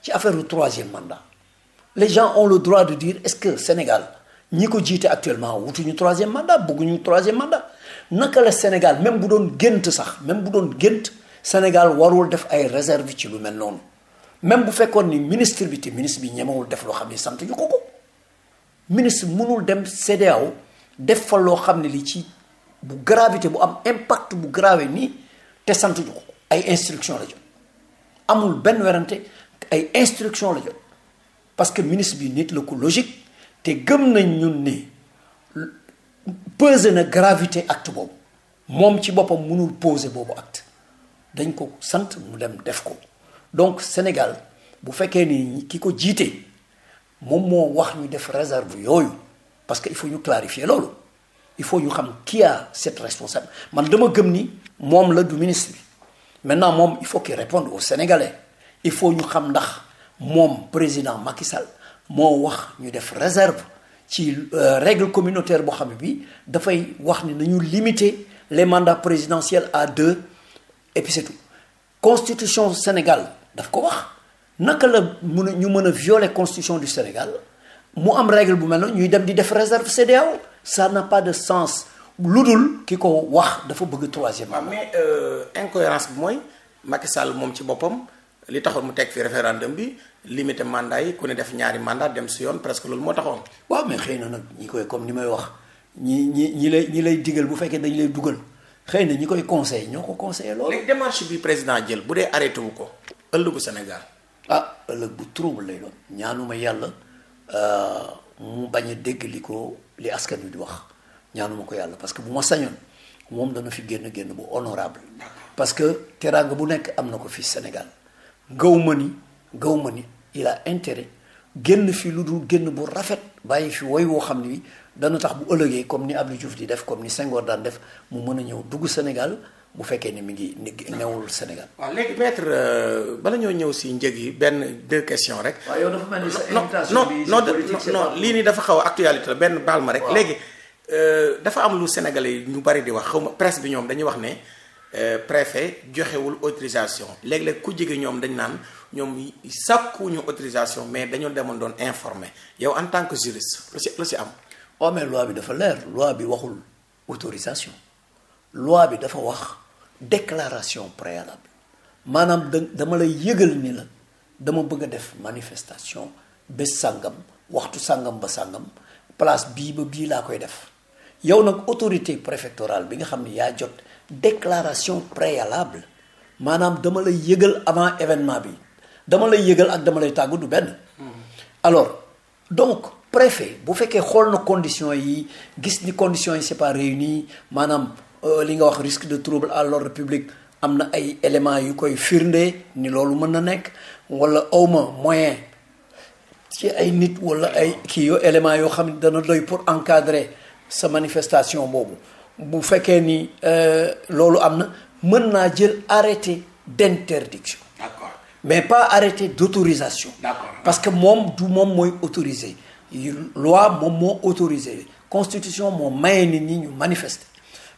ci affaire troisième mandat les gens ont le droit de dire est-ce que Sénégal ñi ko jiite actuellement wutuñu troisième mandat bëgguñu troisième mandat naka la Sénégal même bu doon gént sax même bu doon gént Sénégal warul def ay réserve ci lu mel noonu même bu fekkoon ni ministre bi te ministre bi ñemewul def loo xam ne sant ñu ko ministre mënul dem CEDEAO def fa loo xam ne li ci bu gravité bu am impact bu grave nii te sant ñu ko ay instruction la jot amul benn werante ay instruction la jot parce que ministre bi nit la ko logique te gëm nañ ñun ni pesé na gravité acte boobu moom ci boppam mënul posé boobu acte dañ ko sant mu dem def ko donc Sénégal bu fekkee ni ki ko jiite moom moo wax ñu def réserve yooyu parce que il faut ñu clarifier loolu il faut ñu xam qui a cette responsable man dama gëm ni moom la du ministre bi maintenant moom il faut qu'il réponde aux Sénégalais il faut ñu xam ndax moom président Macky moo wax ñu def réserve ci euh, règle communautaire boo xam ne bi dafay wax ni nañu limiter les mandats présidentiels à deux et puis constitution Sénégal daf ko wax naka la mun a ñu mën a violer constitution du Sénégal mu am règle bu mel noonu ñuy dem di def réserve CEDEAO ça n'a pas de sens lu dul ki ko wax dafa bëgg troisième. Ah, mais euh, incohérence bi mooy Macky Sall moom ci boppam. li taxoon mu teg fi référendum bi limité mandat yi ku ne def ñaari mandat dem si yoon presque loolu moo taxoon. waaw mais xëy na nag ñi koy comme ni may wax ñi ñi ñi lay ñi lay digal bu fekkee dañ lay dugal xëy na ñi koy conseil ñoo ko conseillé loolu. léegi démarche bi président jël bu dee arrêté wu ko ëllëgu Sénégal. ah ëllëg bu trouble lay doon ñaanuma yàlla euh, mu bañ a dégg li ko li askan wi di wax ñaanuma ko yàlla parce que bu ma sañoon moom dana fi génn génn bu honorable parce que teraanga bu nekk am na ko fii Sénégal. gaw ma ni gaw ma ni il a intérêt génn fi lu dul génn bu rafet bàyyi fi woy woo xam ne bi dana tax bu ëllëgee comme ni Abdou Diouf di def comme ni Senghor daan def mu mën a ñëw dugg Sénégal bu fekkee ni mi ngi newul Sénégal. waaw léegi maître euh, bala ñoo ñëw si njëg yi benn deux questions rek. waaw yow dafa mel ni sa invitation bi non non lii nii dafa xaw a actualité benn baal ma rek. léegi euh, dafa am lu Sénégalais yi ñu bari di wax xaw ma presse bi ñoom dañuy wax ne. Euh, préfet joxewul autorisation léeg-léeg ku jege ñoom dañ naan ñoom sàkkuñu autorisation mais dañoo demoon doon informé yow en tant que juriste lu si lu si am. waaw oh, mais loi bi dafa leer loi bi waxul autorisation loi bi dafa wax déclaration préalable maanaam da dama lay yëgal ni la dama bëgg a def manifestation bés sàngam waxtu sàngam ba sàngam place bii ba bii laa koy def yow nag autorité préfectorale bi nga xam ne yaa jot. déclaration préalable maanaam dama lay yëgal avant événement bi dama lay yëgal ak dama lay tàggu du benn mm-hmm. alors donc préfet bu fekkee xool na conditions yi gis ni conditions yi c'est pas réunies maanaam euh, li nga wax risque de trouble à l'ordre publique am na ay éléments yu koy firnde ni loolu mën na nekk wala awma moyen ci ay nit wala ay kii yoo éléments yoo xam ne dana doy pour encadrer sa manifestation boobu bu fekkee ni euh, loolu am na mën naa jël arrêté d'interdiction. d'accord. mais pas arrêté d'autorisation. d'accord. parce que moom du moom mooy autorisé loi moom moo autorisé constitution moom maye nit ñi ñu manifester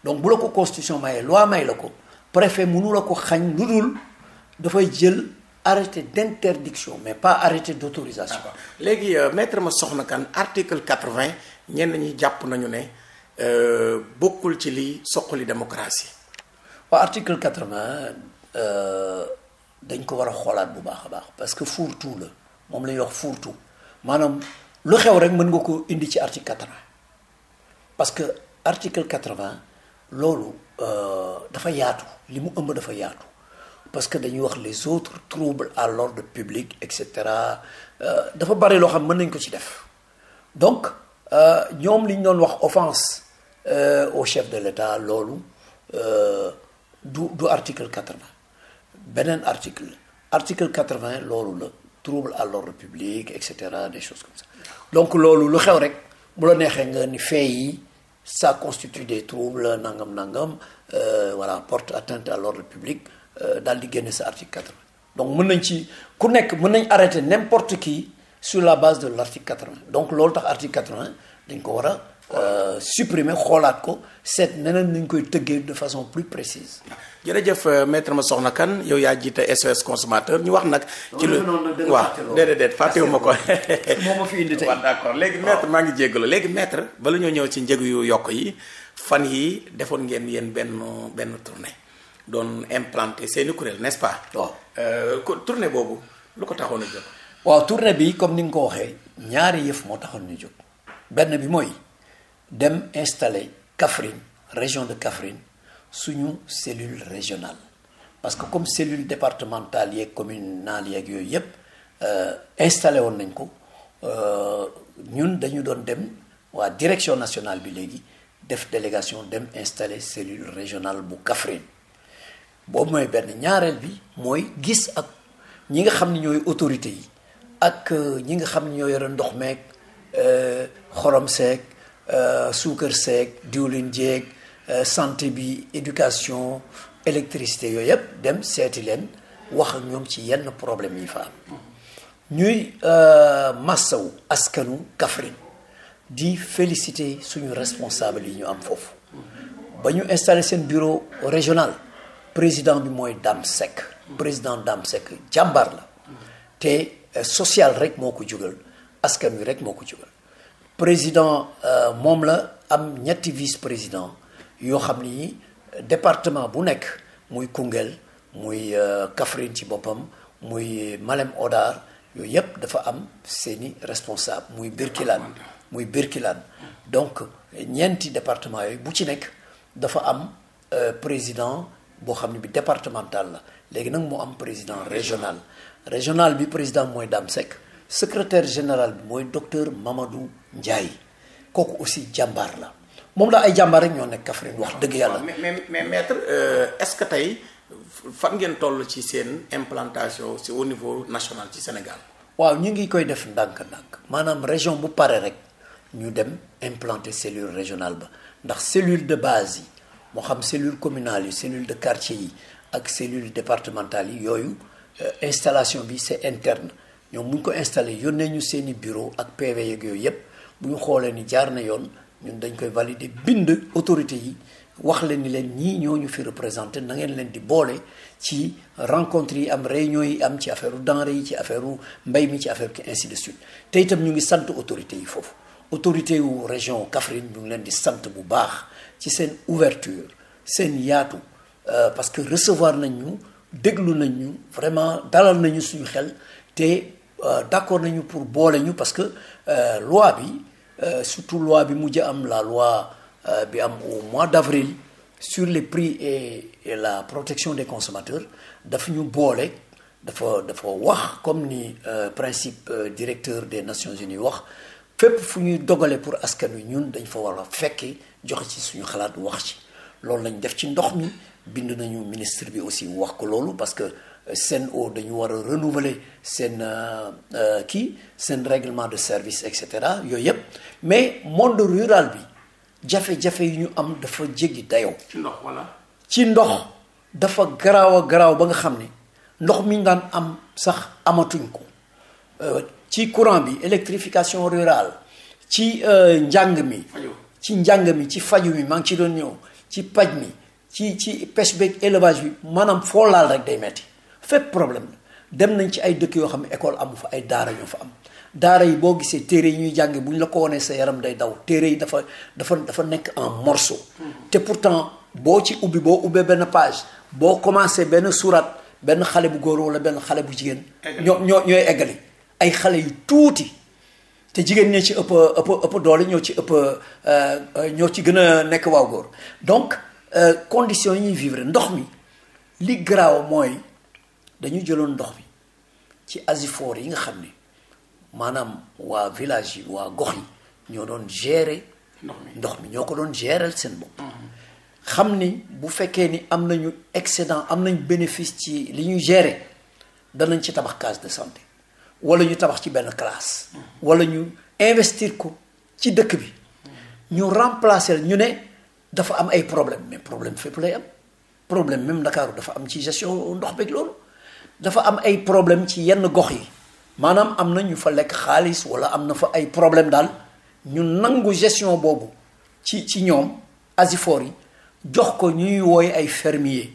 donc bu la ko constitution maye loi may la ko préfet mënu la ko xañ lu dul dafay jël arrêté d'interdiction mais pas arrêté d'autorisation. léegi euh, ma soxna kan article quatre-vingt ñenn ñi jàpp nañu ne. Euh, bokkul ci liy soqali démocratie. waaw article quatre vingt euh, dañ ko war a xoolaat bu baax a baax parce que fourre-tout la moom la wax fourre-tout maanaam lu xew rek mën nga ko indi ci article quatre parce que article quatre vingt loolu euh, dafa yaatu li mu ëmb dafa yaatu. parce que dañuy wax les autres troubles à l'ordre public et cetera dafa bari loo xam mën nañ ko ci def donc Euh, ñoom li doon wax offense euh, au chef de l'État loolu euh, du du article quatre-vingt beneen article article quatre-vingt loolu la trouble à l'ordre public et cetera des choses comme ça donc loolu lu xew rek bu la neexee nga ni fee yi ça constitue des troubles nangam nangam voilà porte atteinte à l'ordre public dal di génne sa article quatre donc mën nañ ci ku nekk mën nañ arrêter n'importe qui sur la base de l' article 80 donc loolu tax article 80 dañ ko war a euh, supprimer xoolaat ko seet neneen nañ koy tëggee de façon plus précise. jërëjëf euh, ma soxna kan yow yaa jiite SOS consommateur ñu wax nag. ci lu waaw déedéet fàttewuma ko. moo fi indi tey léegi maître maa ngi la léegi maître bala ñoo ñëw ci njëg yu yokk yi fan yi defoon ngeen yéen benn benn tournée doon implanté seeni kuréel n' est ce pas. Euh, tournée boobu lu ko taxoon a jóg. waaw tournée bi comme ni nga ko waxee ñaari yëf moo taxoon ñu jóg benn bi mooy dem installer Kaffrine région de Kaffrine suñu cellule régionale parce que comme cellule départementale yeeg communale yeeg yooyu yëpp euh, installé woon nañ ko euh, ñun dañu doon dem waa direction nationale bi léegi def délégation dem installer cellule régionale bu Kaffrine boobu mooy benn ñaareel bi mooy gis ak ñi nga xam ne ñooy autorités yi ak euh, ñi nga xam ne ñoo yore ndox meeg euh, xorom seeg euh, suukar seeg diwlin jeeg santé bi éducation électricité yooyu yëpp dem seeti leen wax ak ñoom ci yenn problème yi fa am ñuy massaw askanu Kaffrine di féliciter suñu responsable yi ñu am foofu ba ñu installé seen bureau régional président bi mooy Dame Seck président Dame Seck jàmbaar la te Euh, social rek moo ko jógal askan wi rek moo ko jugal président euh, moom la am ñetti vice président yoo xam ni département bu nekk muy Koungheul muy euh, Kaffrine ci boppam muy Malem Odar yooyu yëpp dafa am seeni responsable muy Birkilane muy Birkilane donc ñeenti département yooyu bu ci nekk dafa am président boo xam ne bi départemental la léegi nag moo am président régional régional bi président mooy Dame Seck secrétaire général bi mooy docteur Mamadou Ndiaye kooku aussi jàmbaar la moom la ay jàmbaar rek ñoo nekk Kaffrine wax dëgg yàlla. mais mais mais maître euh, est-ce que tey fan ngeen toll ci seen implantation ci au niveau national ci Sénégal. waaw ñu ngi koy def ndànk-ndànk maanaam région bu pare rek ñu dem implanter cellule régionale ba ndax cellule de base yi moo xam cellule communale yi cellule de quartier yi ak cellule départementale yi yooyu. Euh, installation bi c'est interne ñoom bu ñu ko installé yónnee ñu seeni i bureau ak PV yeeg yooyu yëpp bu ñu xoolee ni jaar na yoon ñun dañ koy valider bind autorité yi wax leen leen ñii ñoo ñu fi représenté na ngeen leen di boole ci rencontre yi am réunion yi am ci affaire denrée yi ci affaire mbay mi ci affaire ki ainsi de suite te itam ñu ngi sant autorité yi foofu autorité wu région Kaffrine ñu ngi leen di sant bu baax ci seen ouverture seen yaatu euh, parce que recevoir nañ ñu déglu nañ ñu vraiment dalal nañu suñu xel te euh, d'accord nañu pour boole ñu parce que euh, loi bi euh, surtout loi bi mujj am la loi bi am au mois d'avril sur les prix et, et la protection des consommateurs dafa ñu boole dafa dafa wax comme ni principe directeur des Nations Unies wax fépp fu ñuy dogale pour askan wi ñun dañ fa war a fekki joxe ci suñu xalaat wax ci loolu lañ def ci ndox mi bind nañu ministre bi aussi wax ko loolu parce que euh, SEN'EAU dañu war a renouveler seen euh, euh, kii seen règlement de service et cetera yooyu yëpp mais monde rural bi jafe-jafe yu ñu am dafa jéggi dayoo. ci ndox voilà. ci ndox dafa garaaw a garaaw ba nga xam ne ndox mi ñu am sax amatuñ ko ci courant bi électrification rural ci njàng mi. ci njàng mi ci faju mi maa ngi ci doon ñëw ci paj mi. ci ci pêche beeg élevage bi maanaam foo laal rek day metti fépp problème dem nañ ci ay dëkk yoo xam ne école amu fa ay daara ñoo fa am daara yi boo gisee téere yi ñuy jànge bu ñu la ko wanee sa yaram day daw téere yi dafa dafa dafa nekk en morceau hmm. te pourtant boo ci ubbi boo ubbee benn page boo commencé benn surat benn xale bu góor wala benn xale bu jigéen ñoo ñoo ñooy eggali ay xale yu tuuti te jigéen ñoo ci ëpp ëpp ëpp doole ñoo ci ëpp euh, euh, ñoo ci gën a nekk waaw góor donc Euh, conditions yi ñuy vivre ndox mi li garaaw mooy dañu jëloon ndox mi ci asifor yi nga xam ni maanaam waa village yi waa gox yi ñoo doon gérer. ndox mi ndox mi ñoo ko doon gérer seen bopp. Mhm. xam ni bu fekkee ni am nañu excédent am nañ bénéfice ci li ñuy gérer danañ ci tabax case de santé wala ñu tabax ci benn classe. Mhm. wala ñu investir ko ci dëkk bi mhm. ñu remplacer ñu ne. dafa am ay problème mais problème fépp lay am problème même Ndakaaru dafa am ci gestion ndox beeg loolu dafa am ay problème ci yenn gox yi maanaam am na ñu fa lekk xaalis wala am na fa ay problème daal ñu nangu gestion boobu ci ci ñoom foor yi jox ko ñuy wooy ay fermier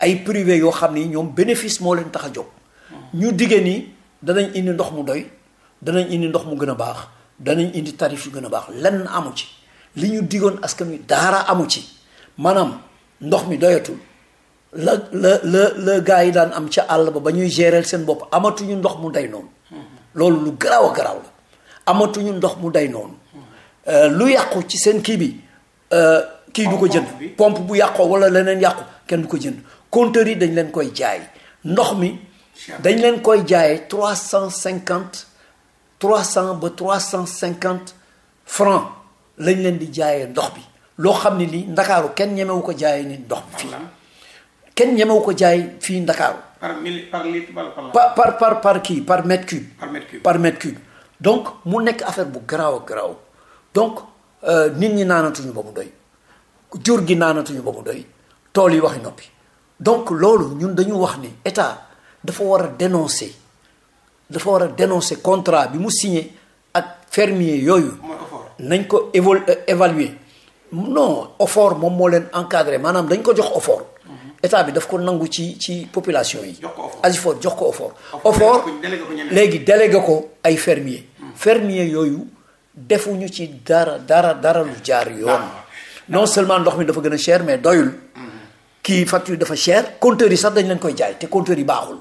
ay privé yoo xam ni ñoom bénéfice moo leen tax a jóg ñu diggee ni danañ indi ndox mu doy danañ indi ndox mu gën a baax danañ indi tarif yu gën a baax lenn amu ci li ñu digoon askan wi daara amu ci maanaam ndox mi doyatul la la la la yi daan am ca àll ba ba ñuy gérer seen bopp amatuñu ndox mu day noonu loolu lu garaaw a garaaw la amatuñu ndox mu day noonu euh, lu yàqu ci seen kii bi euh, kii du ko jënd pomp bu yàqoo wala leneen yàqu kenn du ko jënd compteur yi dañ leen koy jaay ndox mi dañ leen koy jaayee trois cent cinquante trois cent ba trois cent cinquante francs lañ leen di jaayee ndox bi loo xam ne lii ndakaaru kenn ñemewu ko jaayee ni ndox bi fii kenn ñemewu ko jaay fii ndakaaru par mille par par par kii par mètre cube. par mètre cube donc mu nekk affaire bu garaaw ak garaaw donc euh, nit ñi naanatuñu ba mu doy jur gi naanatuñu ba mu doy tool yi wax waxi noppi donc loolu ñun dañu wax ni état dafa war a dénoncer dafa war a dénoncer contrat bi mu signé ak fermier yooyu. nañ ko évol euh, évaluer no offort moom moo leen encadré maanaam dañ ko jox offort mm-hmm. état bi daf ko nangu ci ci population yi. Agifor jox ko offort. offort léegi délégué ko ay fermier mm. fermier yooyu defuñu ci dara dara dara lu jaar yoon. non seulement ndox mi dafa gën a cher mais doyul. Mm-hmm. kii facture dafa cher. compteurs yi sax dañ leen koy jaay te compteurs yi baaxul.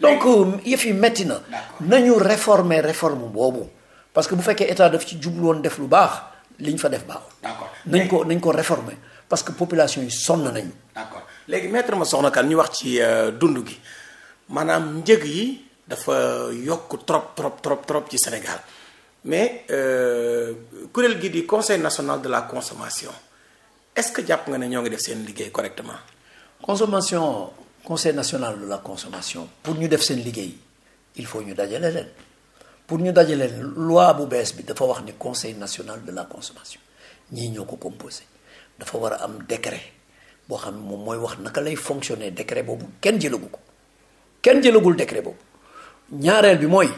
donc euh, yëf yi métti na. nañu réformer réforme boobu. parce que bu fekkee état daf ci jubloon def lu baax li ñu fa def baaxul. d'accord nañ ko nañ ko réformer parce que population yi sonn nañ. d'accord léegi maître Massokhna Kane ñu wax ci euh, dund gi maanaam njëg yi dafa yokk trop trop trop trop ci Sénégal mais euh, kuréel gi di conseil national de la consommation est-ce que jàpp nga ne ñoo ngi def seen liggéey correctement. consommation conseil national lu la consommation pour ñu def seen liggéey il faut ñu dajale leen. pour ñu dajalee loi bu bees bi dafa wax ni conseil national de la consommation ñii ñoo ko composé dafa war a am décret boo xam ne moom mooy wax naka lay fonctionner décret boobu kenn jëlagu ko kenn jëlagul décret boobu ñaareel bi mooy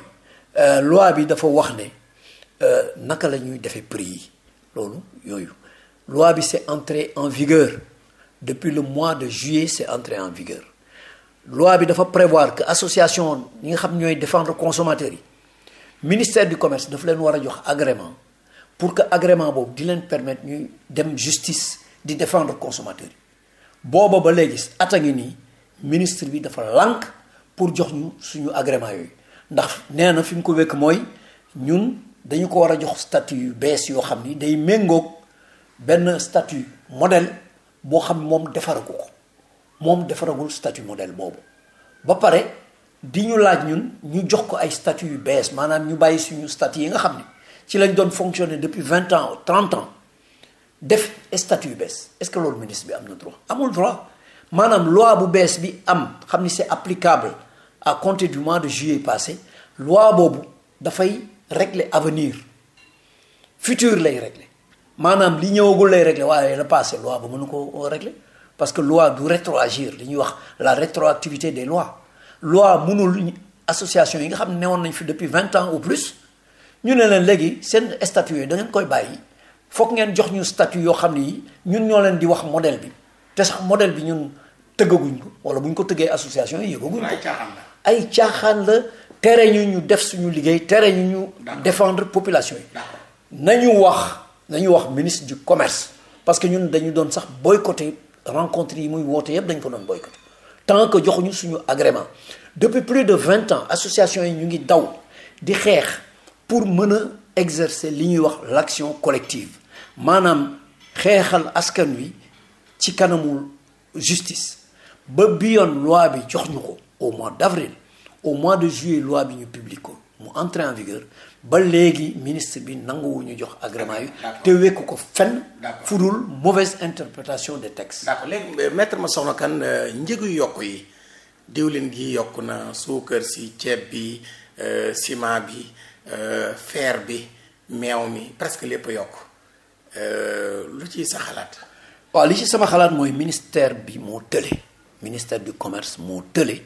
euh, loi bi dafa wax ne euh, naka la ñuy defee prix yi loolu yooyu loi bi c'est entre en vigueur depuis le mois de juillet c'est entré en vigueur loi bi dafa prévoir que association ñi nga xam ñooy défendre consommateurs yi ministère du commerce dafa leen war a jox agrément pour que agrément boobu di leen permettre ñuy dem justice di défendre consommateur yi booba ba léegi a ngi nii ministre bi dafa lànk pour jox ñu suñu agrément yooyu ndax nee na fi mu ko wekk mooy ñun dañu ko war a jox statut yu bees yoo xam ni day méngoog benn statut modèle boo xam moom defaragu ko moom defaragul statut modèle boobu ba pare di ñu laaj ñun ñu jox ko ay statut yu bees maanaam ñu bàyyi suñu statut yi nga xam ne ci lañ doon fonctionner depuis vingt ans trente ans def statut yu bees est-ce que loolu ministre bi am na droit amul droit maanaam loi bu bees bi am xam ni c'est applicable à compter de juillet passé loi boobu dafay régler avenir futur lay régler maanaam li ñëwagul lay waaye la passé loi ba mënu ko régler parce que loi du rétroagir li ñuy wax la rétroactivité des lois loi mënul association yi nga xam ne newoon nañ fi depuis vingt ans ou plus ñu ne leen léegi seen statut yooyu da ngeen koy bàyyi foog ngeen jox ñu statut yoo xam ne yi ñun ñoo leen di wax modèle bi te sax modèle bi ñun tëggaguñ ko wala bu ñu ko tëggee association yi yëgaguñ ko ay caaxaan la tere ñu ñu def suñu liggéey tere ñu ñu défendre population yi nañu wax nañu wax ministre du commerce parce que ñun dañu doon sax boycotter rencontre yi muy woote yëpp dañ ko doon boycotter tant que joxuñu suñu agrément depuis plus de vingt ans association yi ñu ngi daw di xeex pour mën a exercer li ñuy wax l'action collective maanaam xeexal askan wi ci kanamu justice ba bi yoon loi bi jox ñu ko au mois d'avril au mois de juillet loi bi ñu publie mu entrer en vigueur ba léegi ministre bi nanguwuñu jox agrément yi. te wekk ko fenn. fudul mauvaise interprétation des textes. d' accord léegi euh, maître Massokhna Kane euh, njëgu yokk yi diwlin gi yokk na suukar si ceeb bi euh, ciment bi fer bi meew mi presque lépp yokk lu ci sa xalaat. waaw li ci sama xalaat mooy ministère bi moo tële. ministère du commerce moo tële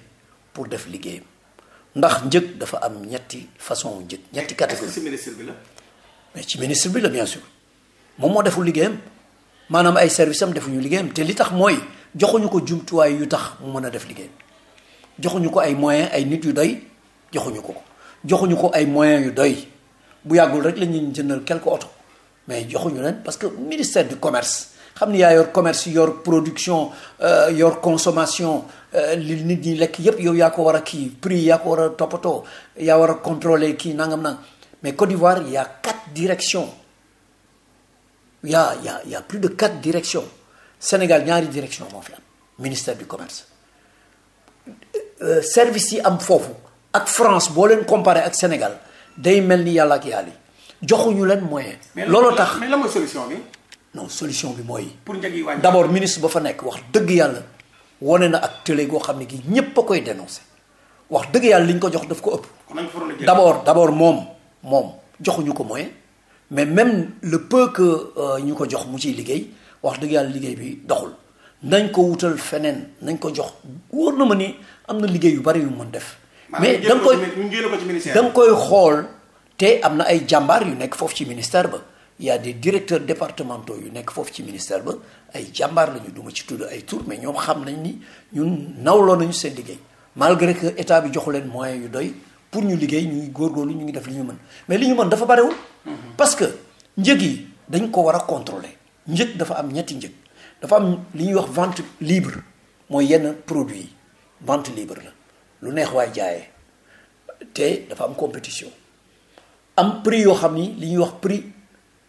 pour def liggéeyam. ndax njëg dafa am ñetti façon njëg ñetti catégorie ci la. mais ci ministre bi la bien sûr moom moo deful liggéeyam maanaam ay service am defuñu liggéeyam te li tax mooy joxuñu ko jumtuwaay yu tax mu mën a def liggéeyam joxuñu ko ay moyens ay nit yu doy joxuñu ko ko joxuñu ko ay moyens yu doy bu yàggul rek la ñuy jëndal quelque oto mais joxuñu leen parce que ministère du commerce. xam ni yaa yor commerce yor production euh, yor consommation euh, li nit ñi lekk yépp yow yaa ko war a kii prix yaa ko war a toppatoo yaa war a contrôler kii nangam nang mais Côte d'Ivoire il y a quatre directions il y a il de quatre directions Sénégal ñaari direction moo fi am ministère du commerce euh, service yi am foofu ak France boo leen comparé ak Sénégal day mel ni yàlla ak yàlla joxuñu leen moyen. looloo tax mais la bi. non solution bi pour njëg yi wàññi d'abord ministre ba fa nekk wax dëgg yàlla wane na ak télé goo xam ne gi ñëpp a koy dénoncé wax dëgg yàlla li ñu ko jox daf ko ëpp. d'abord d'abord moom moom joxuñu ko moyen mais même le peu que euh, ñu ko jox mu ciy liggéey wax dëgg yàlla liggéey bi doxul nañ ko wutal feneen nañ ko jox wóor na ma ni am na liggéey yu bari yu mën def. mais da nga koy da nga koy xool te am na ay jàmbaar yu nekk foofu ci ministère ba. yaa de a des yu nekk foofu ci ministère ba ay jàmbaar lañu duma ci tudd ay tour mais ñoom xam nañ ni ñun nawloo nañu seen liggéey malgré que état bi joxu leen moyens yu doy pour ñu liggéey ñu ngi góorgóorlu ñu ngi def li ñu mën mais li ñu mën dafa barewul mm-hmm. parce que njëg yi dañ ko war a contrôler njëg dafa am ñetti njëg dafa am li ñuy wax vente libre mooy yenn produit yi vente libre la lu neex waaye jaayee te dafa am compétition am prix yoo xam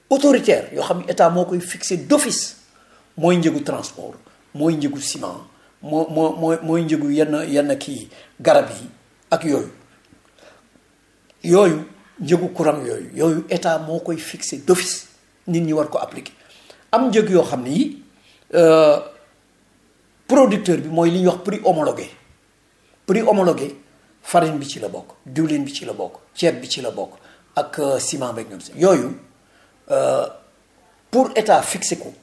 autoritaire yoo xam ne état moo koy fixé d'office mooy njëgu transport mooy njëgu ciment moo moo mooy mooy njëgu yenn yenn kii garab yi ak yooyu yooyu njëgu courant yooyu yooyu état moo koy fixé d'office nit ñi war ko appliquer am njëg yoo xam ne yi euh, producteur bi mooy li ñuy wax prix homologué prix homologué farine bi ci la bokk diwlin bi ci la bokk ceeb bi ci la bokk ak euh, ciment beeg ñoom seen yooyu Euh, pour état fixé ko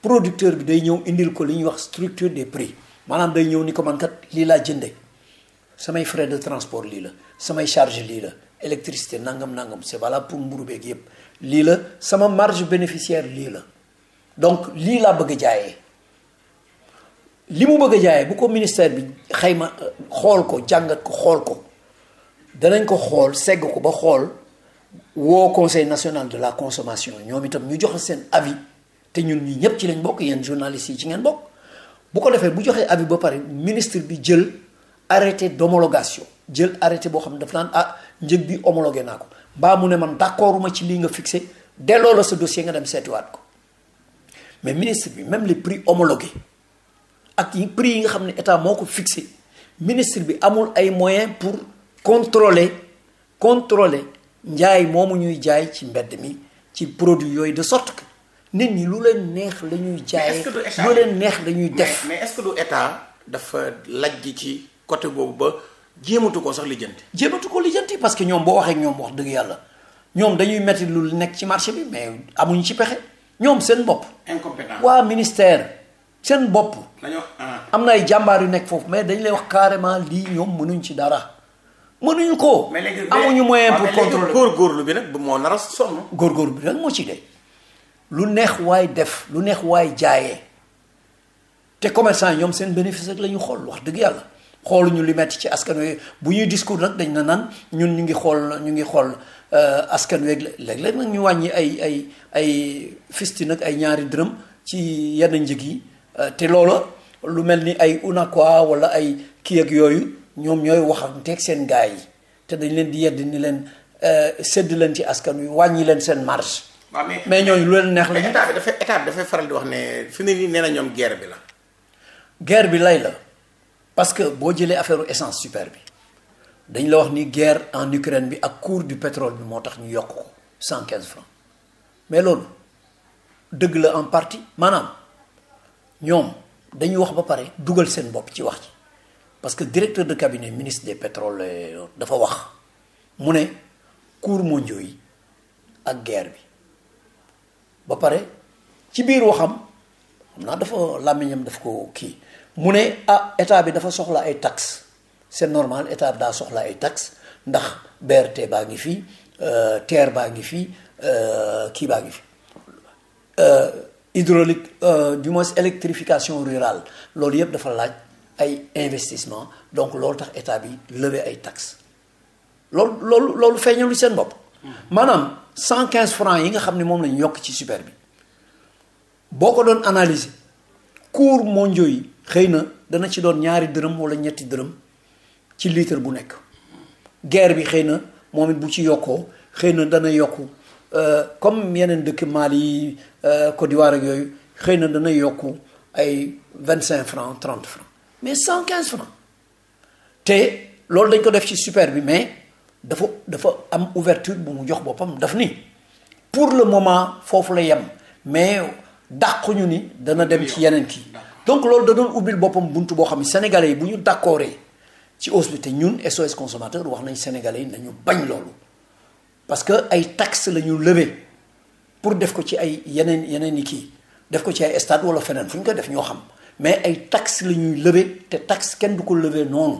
producteur bi day ñëw indil ko li ñuy wax structure des prix maanaam day ñëw ni ko man kat lii laa jënde samay frais de transport lii la samay charge lii la électricité nangam nangam c'est valable pour mburu beeg yëpp lii la sama marge bénéficiaire lii la donc lii laa bëgg a li mu bëgg a jaayee bu ko ministère bi xayma euh, xool ko jàngat ko xool ko danañ ko xool segg ko ba xool woo conseil national de la consommation ñoom itam ñu jox seen avis te ñun ñi ñëpp ci lañ bokk yéen journalistes yi ci ngeen bokk bu ko defee bu joxee avis ba pare ministre bi jël arrêté d'homologation jël arrêté boo xam ne daf naan ah njëg bi homologué naa ko mbaa mu ne man d'accorduma ci lii nga fixé delloo la sa dossier nga dem seetiwaat ko mais ministre bi même les prix homologués ak yi prix yi nga xam ne état moo ko fixé ministre bi amul ay moyens pour contrôler contrôler njaay moomu ñuy jaay ci mbedd mi ci produit yooyu de sorte que nit ñi lu leen neex la ñuy jaayee lu leen neex la def mais est-ce que du état dafa lajj ci côté boobu ba jéematu ko sax lijjanti jéematu ko lijjanti parce que ñoom boo waxee ñoom wax dëgg yàlla ñoom dañuy metti lu nekk ci marché bi mais amuñ ci pexe ñoom seen bopp incompétent waa ministère seen bopp ah. am na ay jàmbaar yu nekk foofu mais dañ lay wax carrément lii ñoom mënuñ ci dara mënuñu ko. mais léegi amuñu moyen pour contrôler góorlu bi nag moo nar a sonn. góorgóorlu bi nag moo ci dee lu neex waay def lu neex waay jaayee te commerçant ñoom seen bénéfice rek la ñu xool wax dëgg yàlla xoolu ñu li metti ci askan wi bu ñuy discours nag dañ na naan ñun ñu ngi xool ñu ngi xool euh, askan wi léeg-léeg nag ñu wàññi ay ay ay fisti nag ay ñaari dërëm ci yenn njëg yi euh, te loola lu mel ni ay UNACOIS wala ay kii ak yooyu. ñoom ñooy waxanteeg seen gaay yi te dañ leen di yedd ni leen euh, sedd leen ci askan wi wàññi leen seen marge. waaw mais mais ñooñu lu leen neex la état bi dafay bi faral di wax ne fi nee na ñoom guerre bi la. guerre bi lay la parce que boo jëlee affaire essence super bi dañ la wax ni guerre en Ukraine bi ak cours du pétrole bi moo tax ñu yokk ko cent quinze francs mais loolu dëgg la en partie maanaam ñoom dañu wax ba pare dugal seen bopp ci wax ci parce que directeur de cabinet ministre des pétroles dafa wax mu ne cours mondiaux yi ak guerre bi ba pare ci biir waxam xam naa dafa làmmiñam daf ko kii mu ne ah état bi dafa soxla ay tax c'est normal état daa soxla ay taxes ndax BRT baa ngi fi euh, TER baa ngi fi euh, kii baa ngi fi euh, hydraulique du moins électrification rurale loolu yëpp dafa laaj ay investissement donc loolu tax état bi lever ay tax loolu loolu loolu feeñalu seen bopp. maanaam cent quinze francs yi nga xam ne moom lañu yokk ci super bi boo ko doon analyser cours mondiaux xëy na dana ci doon ñaari dërëm wala ñetti dërëm ci litre bu nekk. guerre bi xëy na moom it bu ci yokkoo xëy na dana yokku euh, comme yeneen dëkk Mali yi euh, Côte d'Ivoire ak yooyu xëy na dana yokku ay vingt cinq francs trente francs. mais cent quinze francs te loolu dañ ko def ci super bi mais dafa dafa am ouverture bu mu jox boppam daf ni pour le moment foofu la yem mais dàquñu ni dana dem ci yeneen kii donc loolu da doon ubbil boppam bunt boo xam ne sénégalais yi bu ñu d'accordee ci hausse bi te ñun SOS consommateur wax nañ sénégalais yi nañu bañ loolu parce que ay taxes la ñu lever pour def ko ci ay yeneen yeneen i kii def ko ci ay stade wala feneen fu ñu ko def ñoo xam mais ay taxes la ñuy lever te taxe kenn du ko lever noonu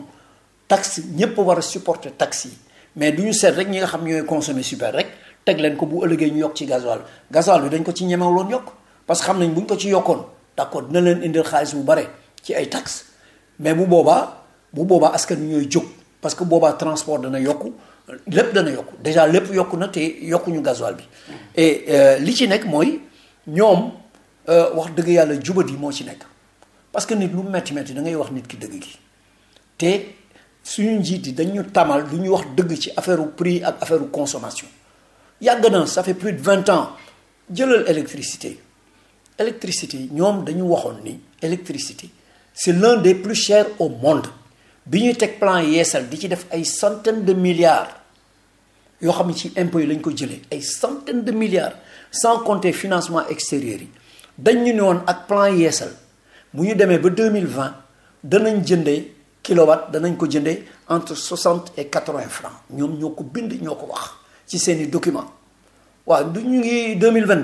taxe ñëpp war a supporter taxe yi mais du ñu seet rek ñi nga xam ñooy consommer super rek teg leen ko bu ëllëgee ñu yokk ci gasoil gasoil bi dañ ko ci ñemewuloon yokk parce que xam nañ bu ñu ko ci yokkoon d'accord dina leen indil xaalis bu bare ci ay taxes mais bu boobaa bu boobaa askan wi ñooy jóg parce que boobaa transport dana yokk lépp dana yokk déjà lépp yokk na te yokkuñu gasoil bi et euh, li ci nekk mooy ñoom euh, wax dëgg yàlla jubadi moo ci nekk. parce que nit lu métti métti da wax nit ki dëgg gi te suñu njiit yi dañu tamal lu ñuy wax dëgg ci affaire prix ak affaire consommation yàgg na ça fait plus de vingt ans jëlal électricité électricité ñoom dañu waxoon ni électricité c'est l'un des plus chers au monde bi ñuy teg plan yeesal di ci def ay centaines de milliards yoo xam ne ci impôts yi lañ ko jëlee ay centaines de milliards sans compter financement extérieur yi dañ ñu woon ak plan yeesal bu ñu demee ba deux mille vingt danañ jëndee kilowatt danañ ko jëndee entre soixante et quatre-vingts francs ñoom ñoo ko bind ñoo ko wax ci seen i documents waaw du ñu ngi deux mille vingt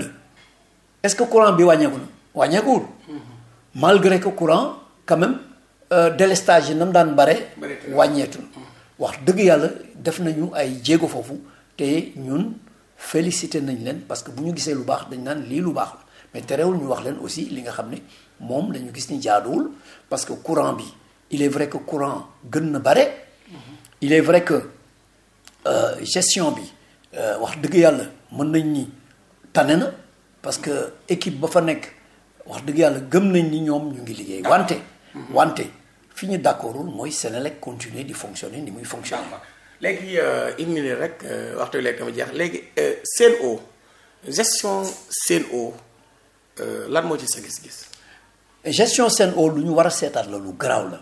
est-ce que courant bi wàññeeku na wàññeekuwul mm-hmm. malgré ko courant quand même euh, délestage yi nam daan bare wàññeetu mm-hmm. wax dëgg yàlla def nañu ay jéego foofu te ñun félicité nañ leen parce que bu ñu gisee lu baax dañ naan lii lu baax la mais terewul ñu wax leen aussi li nga xam ne. moom la gis ni jaaduwul parce que courant bi il est vrai que courant gën na bare il est vrai que euh, gestion bi euh, wax dëgg yàlla mën nañ ni tane na parce que équipe ba fa nekk wax dëgg yàlla gëm nañ ni ñoom ñu ngi liggéey wante mhm. wante fi ñu d'accordul mooy Senelec continuer di fonctionner ni muy fonctionner léegi euh, une minute rek euh, waxtu léegi dama jeex léegi Sen'Eau gestion Sen'Eau lan moo ci sa gis-gis gestion Sen'Eau lu ñu war a seetaat la lu garaaw la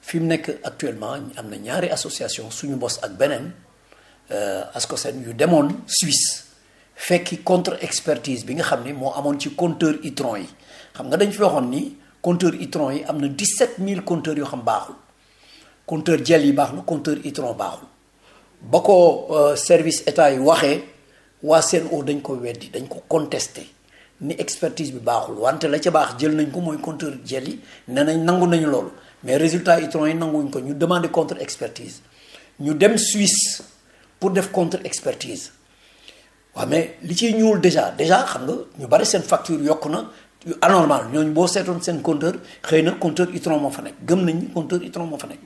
fi mu nekk actuellement am na ñaari association suñu bos ak beneen euh, Ascosen yu demoon Suisse fekki contre expertise bi nga xam ni moo amoon ci compteur Itron yi xam nga dañ fi waxoon ni compteur Itron yi am na mille compteurs yoo xam baaxul conteur jel yi baax na conteur Itron baaxul ba ko euh, service état yi waxee waa Sen'Eau dañ ko weddi dañ ko contesté ni expertise bi baaxul wante la ca baax jël nañ ko mooy compteur jël yi ne nañ nangu nañu loolu mais résultat itron yi nanguñ ko ñu demander contre expertise ñu dem Suisse pour def contre expertise waaw mais li ci ñuul déjà déjà xam nga ñu bari seen facture yokk na anormal ñooñu boo seetoon seen compteur xëy na compteur itron moo fa nekk gëm nañ compteur itron moo fa nekk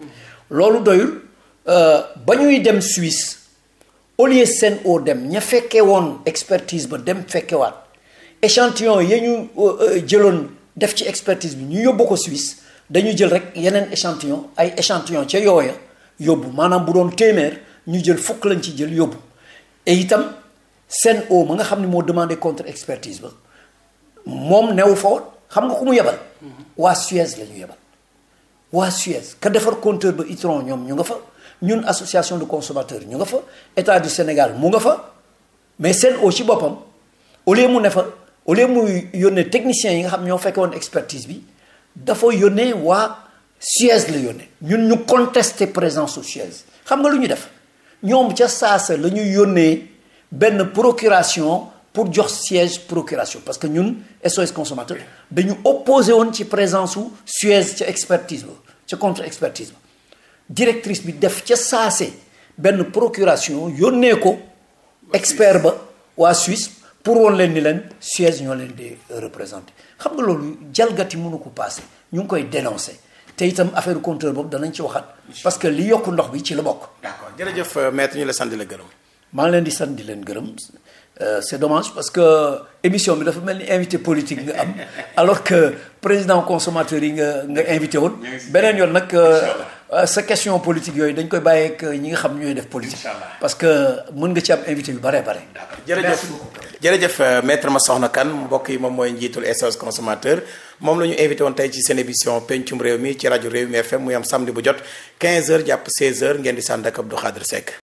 loolu doyul euh, ba ñuy dem Suisse au lieu seen au dem ña fekkee woon expertise ba dem fekkewaat échantillon yi ñu euh, euh, jëloon def ci expertise bi ñu yóbbu ko Suisse dañu jël rek yeneen échantillon ay échantillon ca yooya yóbbu maanaam bu doon téeméer ñu jël fukk lañ ci jël yóbbu et itam seen o ma nga xam ne moo demandé contre expertise ba moom new foo xam nga ku mu yebal mm-hmm. waa Suez la ñu yebal waa Suez ka defar compteur ba Itron ñoom ñu nga fa ñun association de consommateurs ñu nga fa état du Sénégal mu nga fa mais seen o ci boppam au lieu mu ne au lieu muy yónnee techniciens yi nga xam ñoo fekke woon expertise bi dafa yónnee waa Suez la yónnee ñun ñu contester présence su Suez xam nga lu ñu def ñoom ca saasa la ñu yónnee benn procuration pour jox siège procuration parce que ñun SOS consommateur dañu opposé woon ci présence su Suez ca expertise ba ca contre expertise ba directrice bi def ca saase benn procuration yónnee ko expert ba waa Suisse pour woon leen ni leen Suez ñoo leen di euh, représenté xam nga loolu jalgati mënu ko passé ñu ngi koy dénoncé te itam affaire compteur boobu danañ ci waxat parce que li yokk ndox bi ci la bokk. d'accord jërëjëf euh, maître ñu la sant di la gërëm. maa ngi leen di sant di leen gërëm. Euh, c'est dommage parce que émission bi dafa mel ni invité politique nga am alors que président consommateur yi nga nga invité woon beneen yoon nag euh, Euh, sa question politique yooyu dañ koy bàyyi ak euh, ñi nga xam ñooy def politique. parce que mën nga ci am invité yu bare bare. jërëjëf jërëjëf euh, maître Massokhna Kane mbokk yi moom mooy njiitul SOS consommateur moom lañu invité woon tey ci seen émission pencum réew mi ci rajo réew mi FM muy am samedi bu jot 15h jàpp 16h ngeen di sànd ak Abdou Khadre Seck.